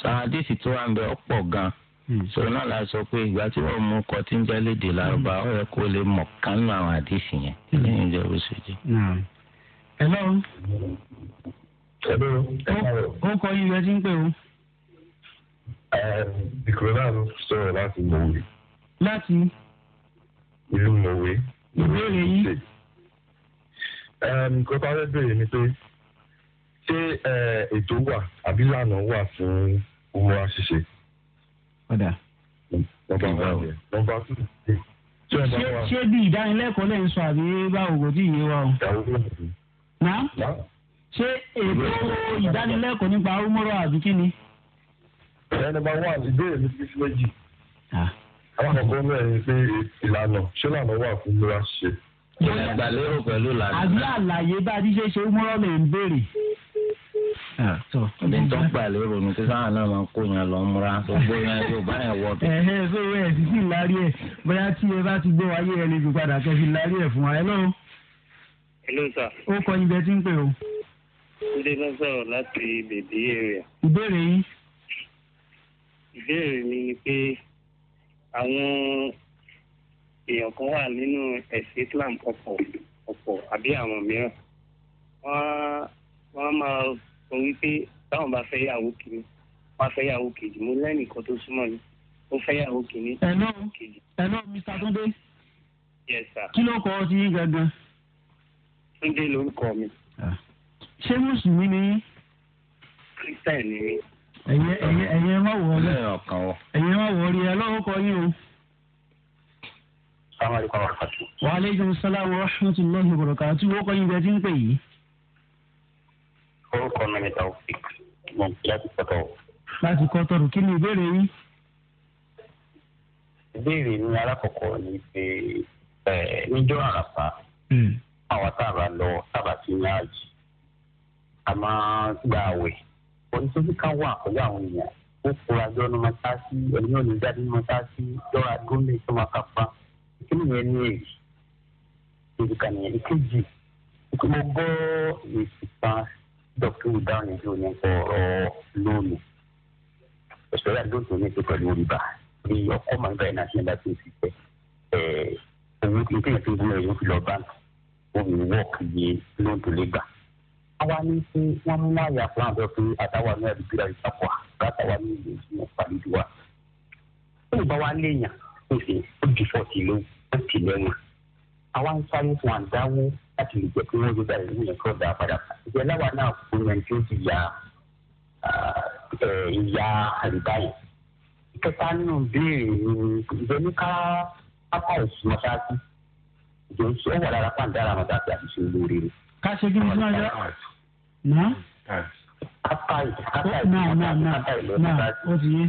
sọ àwọn àdéhùn tó wà ń bẹ ọ̀pọ̀ gan hmm. sọ náà la sọ pé ìgbà tí wọ́n mú kọ tí ń jẹ léde lárúbá ó yẹ kó lè mọ̀ kánú àwọn àdéhùn yẹn eléyìí jẹ bó ṣe jẹ. ẹ lọ́wọ́ ó kọ yín bẹ́ẹ̀ tí ń pè o. ìkùrẹ́ náà ló sọ̀rọ̀ láti mọ̀wé. láti. ìlú mọ̀wé. ìbéèrè yìí. nǹkan tá a fẹ́ béèrè ni pé ṣé ètò wà àbí lànà wà fún owó àṣìṣe. ọ̀dà. nọ́mbà one nọ́mbà two ṣé bí ìdánilẹ́kọ̀ọ́ lẹ́yìn sọ àbí báwo kò tí ì yé wa o. náà ṣé ètò ìdánilẹ́kọ̀ọ́ nípa arúmọ́rọ́ àbí kí ni. ẹ̀yẹ́ nọ́mbà wá ìbéèrè mi fi méjì. àwọn àkọ́kọ́ ni pé ìlànà ṣé lànà wà fún mi wá ṣe. ìyàgbà lérò pẹ̀lú lànà. àbí àlàyé bá a ti ṣe ṣe mọ́rọ́ lè ń béèrè. ní tó gbà lérò ní pé sáà náà máa ń kó yẹn lọ múra tó gbó yẹn yóò bá yẹn wọ. ẹhẹ sórí ẹ sì sì lárí ẹ bóyá tí ẹ bá ti gbé wáyé ẹ lè fi padà kẹfì lárí ẹ fún wa ẹ lọ. ẹ ló sà. ó kọ ibẹ tí ń pè o. Túndé ló sọ̀rọ̀ láti bèbí area. Ìbéèrè yín. Ìbéèrè mi ni pé àwọn èèyàn kan wà nínú ẹ̀sìn Islam ọ̀pọ̀ ọ̀pọ̀ àbí àwọn mìíràn. Wọ́n á máa sọ wípé táwọn bá fẹ́ yàwó kìíní, wọ́n á fẹ́ yàwó kejì. Mo lẹ́nìkan tó súnmọ́ mi, ó fẹ́ kìíní. Hello, hello, Mr. Túndé. Yes, sir. Kí ló kọ́ ọ sí yín gangan? Túndé ló ń kọ mi. Ah ṣé mùsùlùmí ni yín. kristian ni mí. ẹyẹ ẹyẹ ẹyẹ má wọ ọ lẹ́yìn ọkàn wọ. ẹyẹ má wọ rí ẹ lọ́wọ́ kọ yín o. salaamaleykum wa rahmatulah. wa aleykum salaam wa rahmatulahi wa barakatuh wọ́n kọ́ yín bẹ́ẹ̀ tí ń pè yìí. orúkọ mi ni taofik mo ń fi láti kọ́tọ̀. láti kọ́tọ̀ rò kí ni ìbéèrè yín. ìbéèrè mi alákọ̀ọ́kọ́ ni pé níjọ́ àràfà hmm. àwọn tábà lọ tábà ti ń yáàjì a máa gba àwẹ̀ oníṣòwò kan wà pẹ̀lú àwọn èèyàn ó kóra jọ ní mọ́sáàsì ẹni ò ní jáde ní mọ́sáàsì lọ́ra gómìnà tó máa kápá ìkíni yẹn ní èyí èyí kan nìyẹn ìkejì mo gbọ́ èsì kan dọ́kítà ìdáhùn ìjọ ní ọ̀rọ̀ lónìí ìṣòro àdúgbò tó ní ti pẹ̀lú olùbá bí ọkọ máa ń náà ṣe tó ti tẹ̀ ẹ̀ owó tí n tẹ̀yẹ̀ tó ń àwa ní pé wọ́n mú àyà fúlàn sọ pé àtàwà ní àdúgbò ìtàkùà látàwà ní ìlú ìsìn ìpàdéjú wa. ó lè bá wa léèyàn nísìnyí ó di fọ́ọ̀tì ló ó ti lẹ́wọ̀n. àwa ń sáré fún àdáwó láti lè jẹ́ pé wọ́n yóò dára ìlú yẹn kọ́ da padà. ìjẹ́ láwa náà kó yẹn tí ó ti ya ìyá àrídá yẹn. ìkẹta nínú béèrè ìjẹ́ ní ká pápá ìsúnmọ́sáàtì ìjọ ó wà lára pàǹdà àràmọ́sáàtì àti ìṣòro lóore rẹ̀ ká ṣe kí ni tí wọ́n yọ. náà náà náà náà náà ó ti yé. náà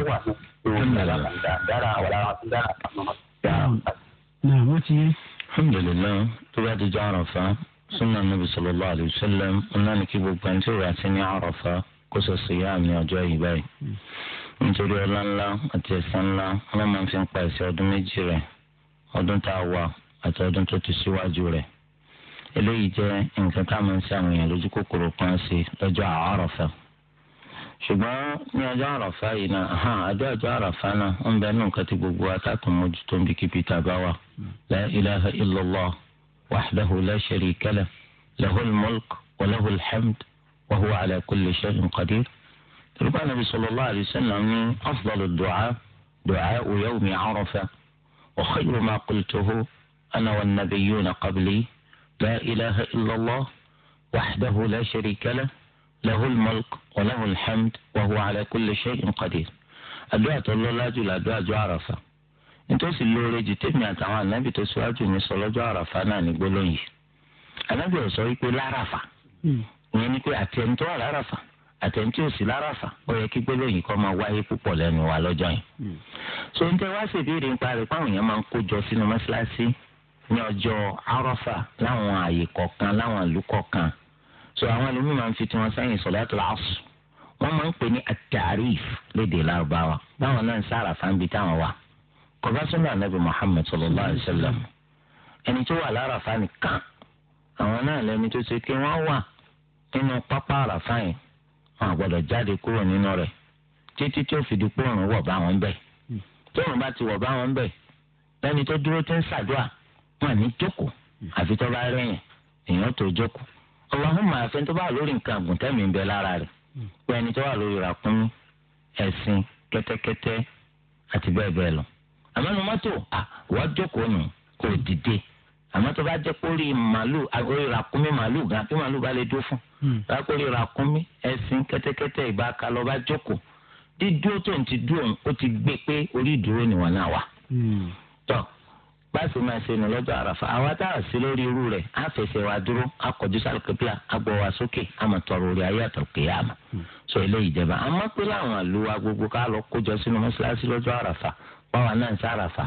ó ti yé. alhamdulilayi tó bá ti jẹ́ àràfà sunna nabi sallallahu alayhi wa sallam ọ̀nà ni kí gbogbo ẹni tí ó rà sí ní àràfà kó sọ sí yá mi ọjọ́ yìí báyìí nítorí ọlá ńlá àti ẹ̀san ńlá ọlọ́mọ fi ń pa ẹ̀ṣẹ̀ ọdún méjì rẹ̀ ọdún tá a wà àti ọdún tó ti síwájú rẹ̀. eléyìí jẹ́ nǹkan máa ń sá àwọn èèyàn lójú kòkòrò kan ṣe lọ́jọ́ àárọ̀fà ṣùgbọ́n ní ọjọ́ àràfà yìí náà hàn àjọ ọjọ́ àràfà náà ń bẹ ní nǹkan tí gbogbo atákùn mójútó ń bí kíbi tàbá wa la ilaha illallah wahdahu la sharika lah lahul mulk wa lahul hamd wa huwa ala wa sallam ní afdalu du'a du'a'u yawmi arafa wa khayru ma لا إله إلا الله وحده لا شريك له له الملك وله الحمد وهو على كل شيء قدير àdúrà tó lọ́lá jù làdúrà jọ àràfà nítòsí lóore jù tèmi àtàwọn ànábì tó síwájú mi sọ lọ́jọ́ àràfà náà ní gbólóhùn yìí ànábì ò sọ wípé láràfà hmm. ìyẹn ni pé àtẹni tó wà láràfà àtẹni tí ò sí láràfà ó yẹ kí gbólóhùn yìí kọ́ máa wáyé púpọ̀ lẹ́nu wa lọ́jọ́ yẹn. Hmm. so ń tẹ́ wá ṣèbéèrè nípa rẹ̀ páwọn èèyàn máa ń kó jọ sínú mọ́ṣáláṣí ní ọjọ́ arọ́fà láwọn àyè kọ̀ọ̀kan láwọn ìlú kọ̀ọ̀kan so àwọn ẹlòmíì máa ń fi tiwọn sẹ́yìn sọ̀láàtù láàsù wọ́n máa ń pè ní àtàríf lédè lárúbáwá báwọn náà ń sára fáńbi táwọn wà kọ̀bá sọ́nà anábì muhammed sallallahu alayhi wa sallam ẹni tó wà lára fáńbi kan àwọn náà lẹ́ni tó ṣe pé wọ́n wà nínú pápá àràfá yẹn wọn àgbọ́dọ̀ jáde kúrò nínú rẹ̀ títí tí ó fi di pé wọ̀ bá bẹ̀ tí bá ti wọ̀ bá bẹ̀ lẹ́ni tó dúró ti ń ṣàdúrà wọn ní jókòó hmm. àfi tó bá rẹ̀yìn èèyàn tó jókòó Allahumma àfẹn tó bá lórí nǹkan àgùntẹ́mì ń bẹ lára rẹ̀ hmm. pé ẹni tó wà lórí ràkúnmí ẹ̀sìn kẹ́tẹ́kẹ́tẹ́ àti bẹ́ẹ̀ bẹ́ẹ̀ lọ àmọ́ nu mọ́tò wọ́n jókòó nù kò dìde àmọ́ tó bá jẹ́ kórì màálù àgórí ràkúnmí màálù gan kí màálù bá lè dó fún rákórì hmm. ràkúnmí ẹ̀sìn kẹ́tẹ́kẹ́tẹ́ ìbáka lọ bá jókòó dídúró tó ń ti dúró ó ti gbé pé orí ìdúró nìwọ̀n náà wà. báàsì máa ṣe nù lọ́jọ́ àràfà àwa tá a sí lórí irú rẹ̀ á fẹsẹ̀ wa dúró á kọjú sálùkẹ́pìlà á gbọ́ wa sókè á mọ̀ tọrọ orí ayé àtọ̀kẹ́ yá mà. sọ eléyìí jẹba àmọ́ pé láwọn àlùwà gbogbo ká lọ kójọ sínú mọ́ṣáláṣí lọ́jọ́ àràfà báwa náà ń sá àràfà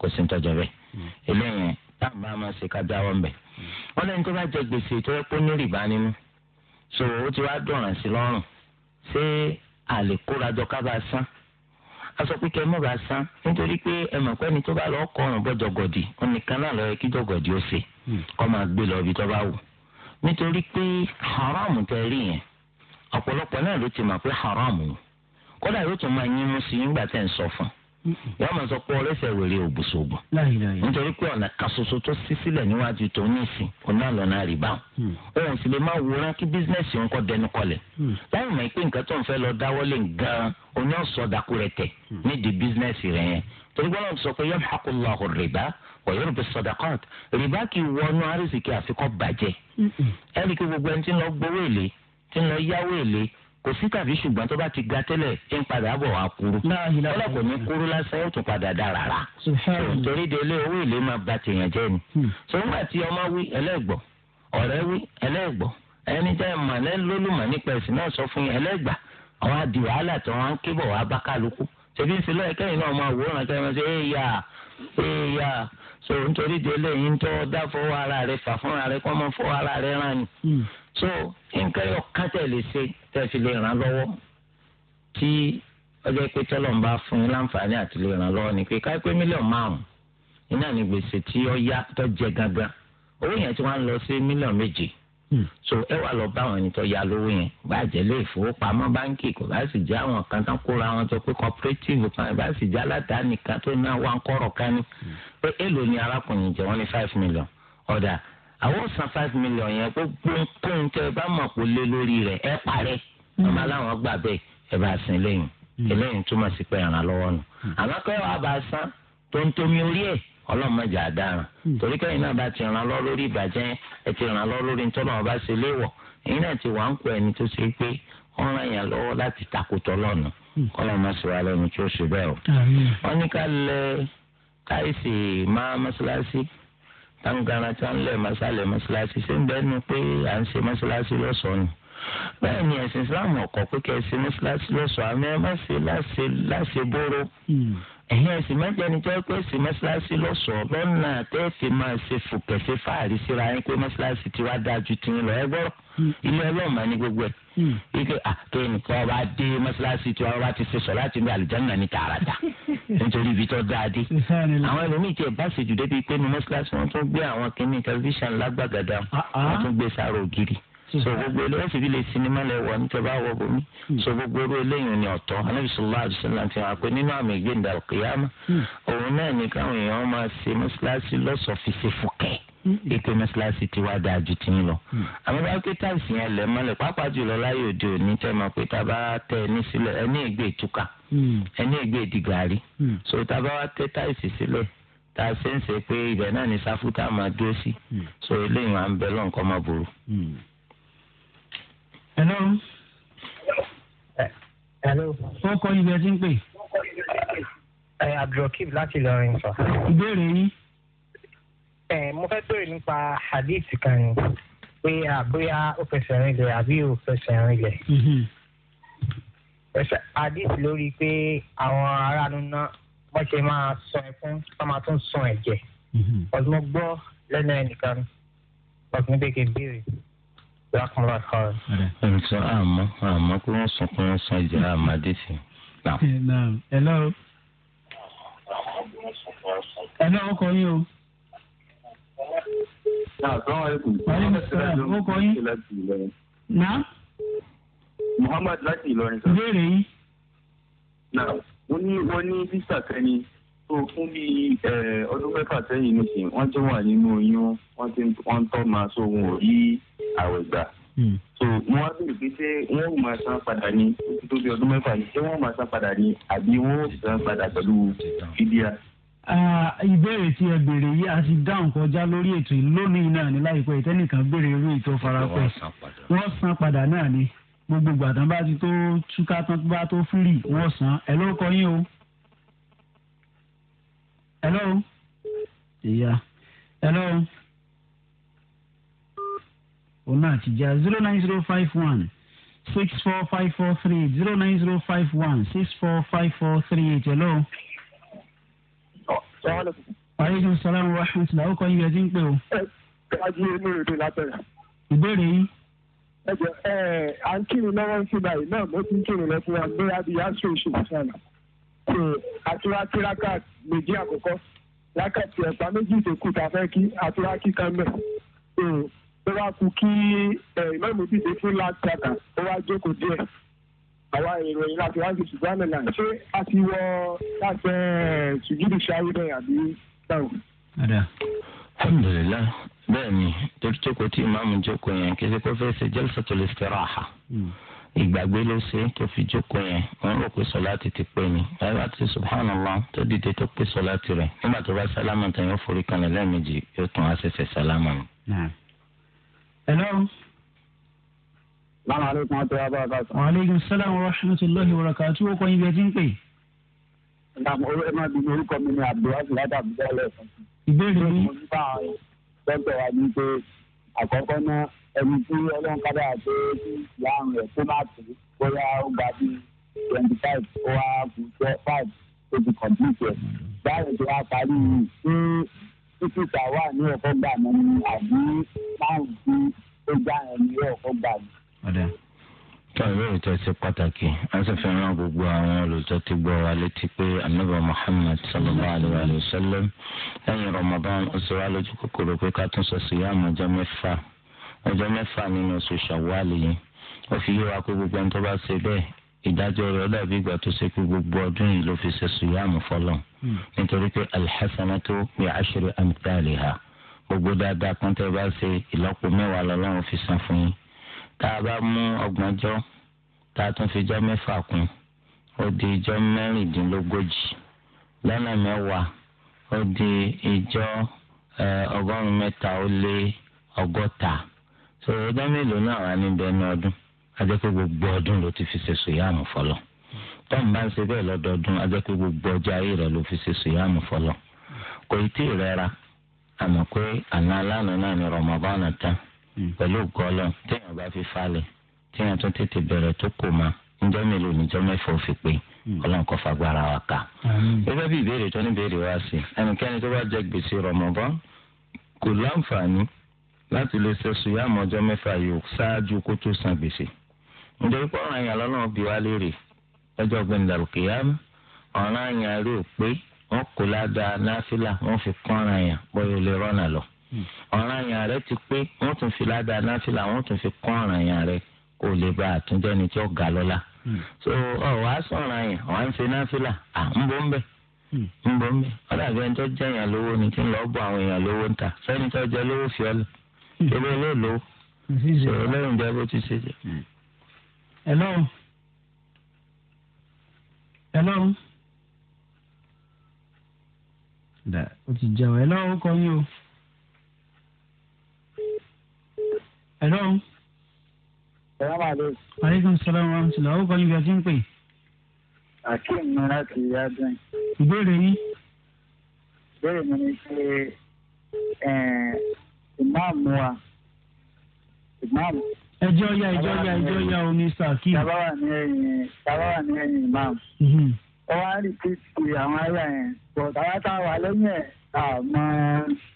kò sí bẹ́ẹ̀. Hmm. eléyìí tá a máa ṣe ká ń bẹ̀. Hmm. wọ́n lẹ́ni tó bá jẹ gbèsè tó ní a sọ pé kẹ́ ẹ mọ̀ bá san nítorí pé ẹ mọ̀ pé ẹni tó bá lọ kọ ọ̀rùn bọ́ jọgọ̀dì ọ̀nìkan náà lọ yẹ kí jọgọ̀dì ó ṣe hmm. kọ́ máa gbé lọ ibi tó bá wù nítorí pé haram tẹ rí yẹn ọ̀pọ̀lọpọ̀ náà ló ti mọ̀ pé haram ni kódà yóò tún máa yín mú sí nígbà tẹ̀ ń sọ fún un yọọ máa sọ pé ọlẹ́sẹ̀ wèrè ògbóṣogbò nítorí pé ọ̀nà kan ṣoṣo tó ṣí sílẹ̀ níwájú tó ní ìsìn ọ̀nà lọ́nà àríbá hmm. òun sì lè máa wòran kí bísínẹ́sì òun kọ́ dẹnu kọlẹ̀ hmm. láì mọ̀ pé nǹkan tó ń fẹ́ lọ dáwọ́lé gan-an oní dákú rẹ̀ tẹ̀ hmm. nídìí bísínẹ́sì rẹ̀ yẹn torí pé ọlọ́run sọ pé yamhaqu Allahu rìbá wọ̀nyẹ́rù bí sadaqat rìbá kì í wọnú àrísìkí àfikọ́ bàjẹ́ ẹ̀rí kí gbogbo ẹni kò sí tàbí ṣùgbọ́n tó bá ti ga tẹ́lẹ̀ ń padà bọ̀ wá kúrú tẹ́lẹ̀ kò ní kúrú lásán yóò tún padà dára rà torí délé owó ìlé máa ba tèèyàn jẹ́ ni hmm. so ńgbà tí ọmọ wí ẹlẹ́gbọ̀n ọ̀rẹ́ wí ẹlẹ́gbọ̀n ẹni tẹ́ ẹ̀ mọ̀ lólùmọ̀ nípa ẹ̀sìn náà sọ fún yín ẹlẹ́gbà àwọn àdì wàhálà tí wọ́n ń ké bọ̀ wá bá kálukú tẹ̀bí ń filẹ̀ kẹ́yìn náà máa wòran kẹ́yìn ṣe so nítorí délé yín tó dá fọwọ́ ara rẹ̀ fà fúnra rẹ̀ kọ́ mọ́ fọwọ́ ara rẹ̀ rán ni hmm so nǹkan yọ kátẹ́ lè ṣe tẹ́ fi lè ràn lọ́wọ́ tí ọjọ́ pé tọ́lọ́n bá fún yín láǹfààní àti lè ràn lọ́wọ́ ni pé káyọ̀ pé mílíọ̀nù márùn-ún iná ní gbèsè tí ó yá tó jẹ gangan owó yẹn tí wọ́n á lọ sí mílíọ̀nù méje hmm. so ẹ wà lọ bá àwọn ẹni tó ya lówó yẹn bá jẹ́ lé ìfowópamọ́ báńkì kò bá sì jẹ́ àwọn kan tán kóra wọn tó pé cooperative kan bá sì jẹ́ aládàáni kan tó ní àwọn akọ̀rọ̀ kan ní hmm. pé èèlò ni arákùnrin jẹ wọ́n ní five million ọ̀dà àwọn san five million yẹn pé kóńkóń tẹ ẹ bá mọ̀ kó lé lórí rẹ̀ ẹ parẹ́ mm. ọmọ aláwọn gbà bẹ́ẹ̀ ẹ bá sin lẹ́yìn mm. eléyìí túmọ̀ sí pé ẹ̀ràn lọ́wọ́ nù mm. àmọ́ kẹ́ wàá bá san tóńtómi orí ẹ̀ ọlọ́mọdé àdáran torí kẹ́yìn náà bá ti ràn lọ́ lórí ìbàjẹ́ ẹ ti ràn lọ́ lórí nítorí wọn bá ṣe léwọ̀ náà ti wà ń pọ̀ ẹni tó ṣe pé wọ́n ràn yàn o. wọ́n ní ká lẹ máa tangaran tí wọn lẹ masalẹ masalasi ṣé ń bẹ nu pé à ń ṣe masalasi lọ́sọ̀ọ́ ni bẹ́ẹ̀ ni ẹ̀sìn islam ọ̀kọ́ pé kẹ́ masalasi lọ́sọ̀ọ́ àmì ẹ má ṣe láṣẹ láṣẹ bóró. Hmm ẹ̀yin ẹ̀sìn mẹ́jẹ ni jẹ́ pé ẹ̀sìn mọ́ṣáláṣí ló sọ lọ́nà àtẹ́ẹ̀fẹ́ máa ṣe fòkè ṣe fáàrí síra yín pé mọ́ṣáláṣí ti wá dáa ju ti ń lọ ẹ gbọ́rọ̀ hmm. ilé ọlọ́ọ̀mà ni gbogbo ẹ̀ hmm. wípé àtọ́ ẹnìkan ọba dé mọ́ṣáláṣí tí wọ́n bá ti ṣe sọ láti bí àlùjáná ní tààràtà nítorí ibi tó dáa dé àwọn ẹlòmíì tí ẹ bá ṣe jù débi pé ní mọ́ṣáláṣí wọ́n tún gbé àwọn kìnnìkan tẹlifíṣàn lágbàgàdà ah, ah. wọ́n tún gbé sára ògiri Hmm. so gbogbo ilé wọn sì lè sinimá lẹ wọ níta bá wọ bòmí hmm. so gbogbo irú eléyìí ni ọ̀tọ̀ anabi sọlá àdùsọlá hàn pé nínú àmì ìgbéǹda òkèèyàmà hmm. òun náà káwọn èèyàn máa ti wá ju lọ. àmọ́ bá pé táìsì yẹn mọ́lẹ̀ pàápàá jùlọ láyé òde òní tẹ ẹni sílẹ̀ ẹni ìtúkà ẹni ìdìgàrí so tá a bá wá tẹ táìsì sílẹ̀ tá hello. hello. ó kọ́ ibi ẹ ti ń pè. ẹ abdulrasheed láti Ìlọrin sọ. ìbéèrè yín. ẹ mo fẹ́ bèrè nípa hadith kan ni pé àbóyá ó fẹsẹ̀ rìn lẹ̀ àbí ó fẹsẹ̀ rìn lẹ̀ mhm. hadith lórí pé àwọn aráàlú náà wọ́n ṣe máa sọ ẹ fún wọ́n máa tún sọ ẹ̀jẹ̀ ọ̀dùnmọ́ mhm. gbọ́ lẹ́nu ẹnìkan ọ̀dùnmọ́ bẹ́ẹ̀ kì ẹnìkan àmọ́ àmọ́ pé wọ́n sọ pé wọ́n san ìjà àmàdé sí i. ẹ̀lọ́ ẹ̀lọ́ ọkọ yín o. ọkọ yín. na. Muhammad láti Ìlọrin. ìbéèrè yín. na wọ́n ní wọ́n ní visa kẹ́ni tó fún bí ọdún mẹ́fà sẹ́yìn nìsín wọ́n ti wà nínú oyún wọ́n ti wọ́n tọ́ máa so wọn ò rí àwẹ̀ gbà. Hmm. so wọ́n wá bèrè pé ṣé wọ́n ò máa san padà ní tó bí ọdún mẹ́fà yìí ṣé wọ́n máa san padà ní àbí wọ́n ò san padà pẹ̀lú fídíà. ìbéèrè tí ẹ béèrè yìí a ti dáhùn kọjá lórí ètò lónìí náà ní láìpẹ́ ìtẹ́nìkan béèrè irú ètò farapẹ́ wọ́n san padà náà ni gbogbo gbàtàn bá ti tó túká tán bá tó fúrì wọ́n san ẹ̀ ló yín o hello Yeah. hello òun náà ti já zero nine zero five one six four five four three zero nine zero five one six four five four three eight hello. aleykum salaam wa rahmatulah ọkọ yìí ẹ ti ń pè o. ẹ ẹ ajé inú èdè látẹ̀yà. ìbéèrè yìí ẹjọ ẹ à ń kírun lọ́wọ́ ń fi báyìí náà mo ti ń kírun lọ fún wa bóyá bíi aṣọ ìṣòwò fún wa sùn àtúrà tíraka méjì àkọ́kọ́ lákàtí ẹ̀gbá méjì tó kù tá a fẹ́ kí àtúrà kíkan mẹ́ tó wá kú kí ìmọ̀ọ́mù dìde fún lágbàkà ó wá jókòó díẹ̀ àwa ìròyìn láti wá sí ṣùgbọ́n àmì náà ṣé a ti wọ láti ṣùgbọ́n ṣáwó náà àbí báwo. alhamdulilayi bẹ́ẹ̀ ni tó jókòó tí ìmọ̀ọ́mù jókòó yẹn kí ẹ ti kó fẹ́ ṣe jẹ́lísọ̀tò lè ìgbàgbé ló ṣe tó fi jókòó yẹn wọn rò pé sọláàtì ti pé ni láyé àti subhanallah tó dìde tó pé sọláàtì rẹ̀ nígbà tó bá sálámà tán yóò forí kanlẹ̀ lẹ́ẹ̀mejì yóò tún àṣẹṣẹ sálámà ni. hello. Láwọn alékún ọtí wa bá sọ. Àwọn alékún sálàm rahmatulahi wa raka tí ó kọ́ ibi ẹtí ń pè. Ìdààmú orí ẹ̀ máa di orúkọ mi ní Abdulwasi Ládà Bùdálẹ̀. Ìbéèrè mi. Mo ti bá àwọn dókítà wa ní pé àkọ́kọ́ náà ẹni tí ọlọ́run kábà pé kí ìyáàrùn rẹ̀ tó má tó bóyá ó gba bí twenty five ó wá kú five tó ti complete ẹ̀ báyìí tó wá parí sí títà wà ní ọ̀kọ́ gbà mọ́ ni àbí márùn sí ó gbà yẹn ní ọ̀kọ́ gbà mí. Tàbí ìtọ́ ti pàtàkì, a sì fẹ́ rán gbogbo àwọn olùtọ́ ti gbọ́ wa létí pé Anábà Muhammad sallallahu alayhi wa sallam lẹ́yìn Ramadan ó sì lójú kòkòrò pé ká tún sọ síyàmù ọjọ́ mẹ́fà ọjọ́ mẹ́fà nínú oṣù ṣàwálì yìí ó fi yé wa pé gbogbo ẹni tó bá ṣe bẹ́ẹ̀ ìdájọ́ rẹ̀ ó dàbí ìgbà tó ṣe pé gbogbo ọdún yìí ló fi ṣe sùyàmù fọlọ́ hmm. nítorí pé alḥasanatu bi ashri amthaliha gbogbo dáadáa kan tẹ́ bá ṣe ìlọ́po mẹ́wàá lọ́lọ́run fi san fún yín tá a bá mú ọgbọ̀njọ́ tá a tún fi jọ́ mẹ́fà kún ó di ijọ́ mẹ́rìndínlógójì lọ́nà mẹ́wàá ó di ijọ́ eh, ọgọ́rùn-ún mẹ́ta ó lé ọgọ́ta. so ọjọ́ mélòó náà wà ní bẹ́ẹ̀ ní ọdún ajẹ́pẹ́ gbogbo ọdún ló ti fi ṣe sùyàmù fọlọ́ tọ́mù bá ń ṣe bẹ́ẹ̀ lọ́dọọdún ajẹ́pẹ́ gbogbo ọjọ́ ayé rẹ̀ ló fi ṣe sùyàmù fọlọ́ kò tí ì rẹ́ra àmọ́ pé àná aláàánú náà ni tán hmm. pẹ̀lú fi falẹ̀ téèyàn tó tètè bẹ̀rẹ̀ tó kò máa njẹ mélòó níjọ mẹ́fà ò fi pé hmm. Ọlọ́run kò láti lè ṣe sùyàmù ọjọ́ mẹ́fà yòó ṣáájú kó tó san gbèsè. nítorí pé ọ̀ràn àyàn lọ́nà bí wá léèrè lọ́jọ́ gbẹ̀ndà òkè yá mú ọ̀ràn àyàn rí ò pé wọ́n kò ládàá náfìlà wọ́n fi kọ́ ọ̀ràn àyàn bọ́yọ̀ lè rọ́nà lọ. Hmm. ọ̀ràn àyàn rẹ ti pé wọ́n tún fi ládàá náfìlà wọ́n tún fi kọ́ ọ̀ràn àyàn rẹ kó lè bá àtúnjẹ́ ni tí ó ga lọ́la. Hmm. so ọ̀wá sọ̀ràn àyàn wọ́n ń ṣe náfìlà à ń bọ́ hmm. ni kí n lọ́ọ́ bọ́ àwọn èèyàn lówó ń ta sẹ́ni ewé ló lò ó sọ̀rọ̀ lẹ́yìn ìjà bó ti ṣe jẹ. Hmm. hello hello dà ó ti jẹ́ ọ hello ó kọ yín o hello. salaamaleykum. aleykum salaam wa rahmatulah ó kọ yín bí a ti ń pè. akeem ni láti yájọ́ yìí. ìbéèrè mi ni pé eh, ìmáàmù wa ìmáàmù. ẹjọ́ ya ẹjọ́ ya ẹjọ́ ya o ní sàkí. bàbá wà ní ẹ̀yìn bàbá wà ní ẹ̀yìn ìmáàmù. wọ́n á rí pípì àwọn ará yẹn bọ̀ tàwa tá a wà lẹ́yìn ẹ̀ àmọ́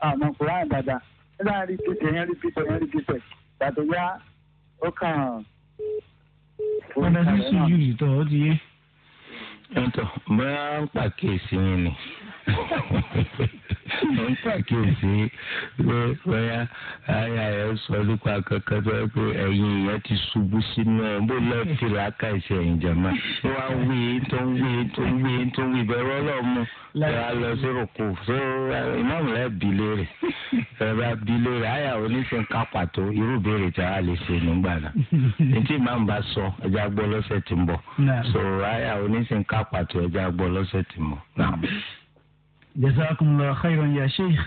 àmọ́ kùrán dáadáa nígbà rí pípì ẹ̀yìn rí pípì ẹ̀yìn rí ó kàn. ọ̀nà sísun yìí tọ̀ ọ́ ti yé ẹ̀ńtọ́ bóyá ń pàkíyèsí mi ni mo ń pàkíyèsí pé bóyá àyà ẹ̀ sọ nípa kankan tó yẹ pé ẹ̀yin ìyẹn ti ṣubú sínú ẹ̀ bó lọ́ọ́ ti rà ká ìṣe ẹ̀yìn jàmá tó wá wí tó ń wí tó ń wí tó ń wí bẹ̀rẹ̀ ọlọ́mọ ẹ̀ á lọ sí rògbò tó ìmọ̀mù rẹ̀ bí léèrè ẹ̀ bá bí léèrè àyà oníṣẹ́ ń ká pàtó irú béèrè tí a lè ṣe nígbà náà ní tí ìmáàmù bá sọ ẹja gbọ́ lọ́sẹ̀ tí ń bọ̀ so àyà oníṣẹ́ ká pàtó ẹja gbọ́ lọ́sẹ̀ tí mo. jazakumullahu khairan ya sheikh.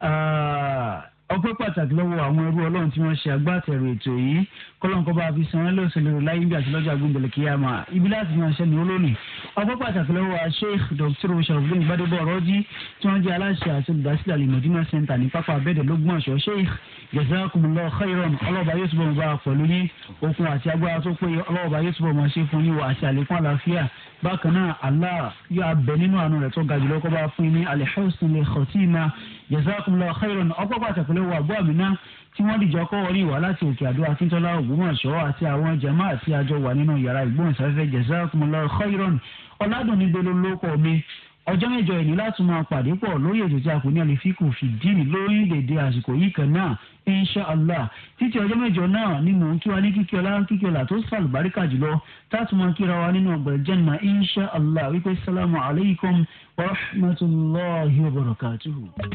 Ah, ọpẹ́ pàtàkì lọ́wọ́ àwọn ẹrú Ọlọ́run tí wọ́n ṣe agbátẹrù ètò yìí kọlọńkọ bá fi san án lọsọlẹrù láyé bí àti lọ́jọ́ àgùnbẹlẹ kíyàmà ibi láti máa ṣẹlẹ olónìí ọpẹ́ pàtàkì lọ́wọ́ Sheikh Dr. sharafdin gbadebo ọrọjì tí wọ́n jẹ́ aláṣẹ àti olùdásílẹ̀ alimọdúnmá center ní pápá abẹdẹ lọgbọmọṣọ Sheikh jazakumullahu khairan ọlọba yóò túbọ̀ bá a pẹ̀lú yín okun àti agbára tó péye ọlọba yóò túbọ̀ máa ṣe fún yín wà àti àlékún Allah yóò abẹ nínú àánú rẹ̀ tó ga jùlọ kó ní jazakumullahu khairan ọpọ́ pàtàkì lọ́wọ́ àgbọ̀ àmìná tí wọ́n dìjọ kọ́ orí wá láti òkè àdó akíntọ́lá ògbómọ̀ṣọ́ àti àwọn jama àti àjọ wà nínú yàrá ìgbóhùnsáfẹ́fẹ́ jazakumullahu khairan ọ̀làdùnní gbolo lóko mi ọjọ́ mẹ́jọ ẹ̀ní láti máa pàdé pọ̀ lórí ètò tí a kò ní àlefíkù fìdíìnì lórílẹ̀‐èdè àsìkò yìí kan náà insha allah títí ọjọ́ mẹ́jọ náà ni mò ń kí wa ní kíkí ọlá kíkí ọlá tó sàlùbáríkà jùlọ táàtì máa kíra wa nínú ọgbà ìjẹ́nà insha allah wípé sálámù alaykum wa rahmatulahi wa barakatuhu.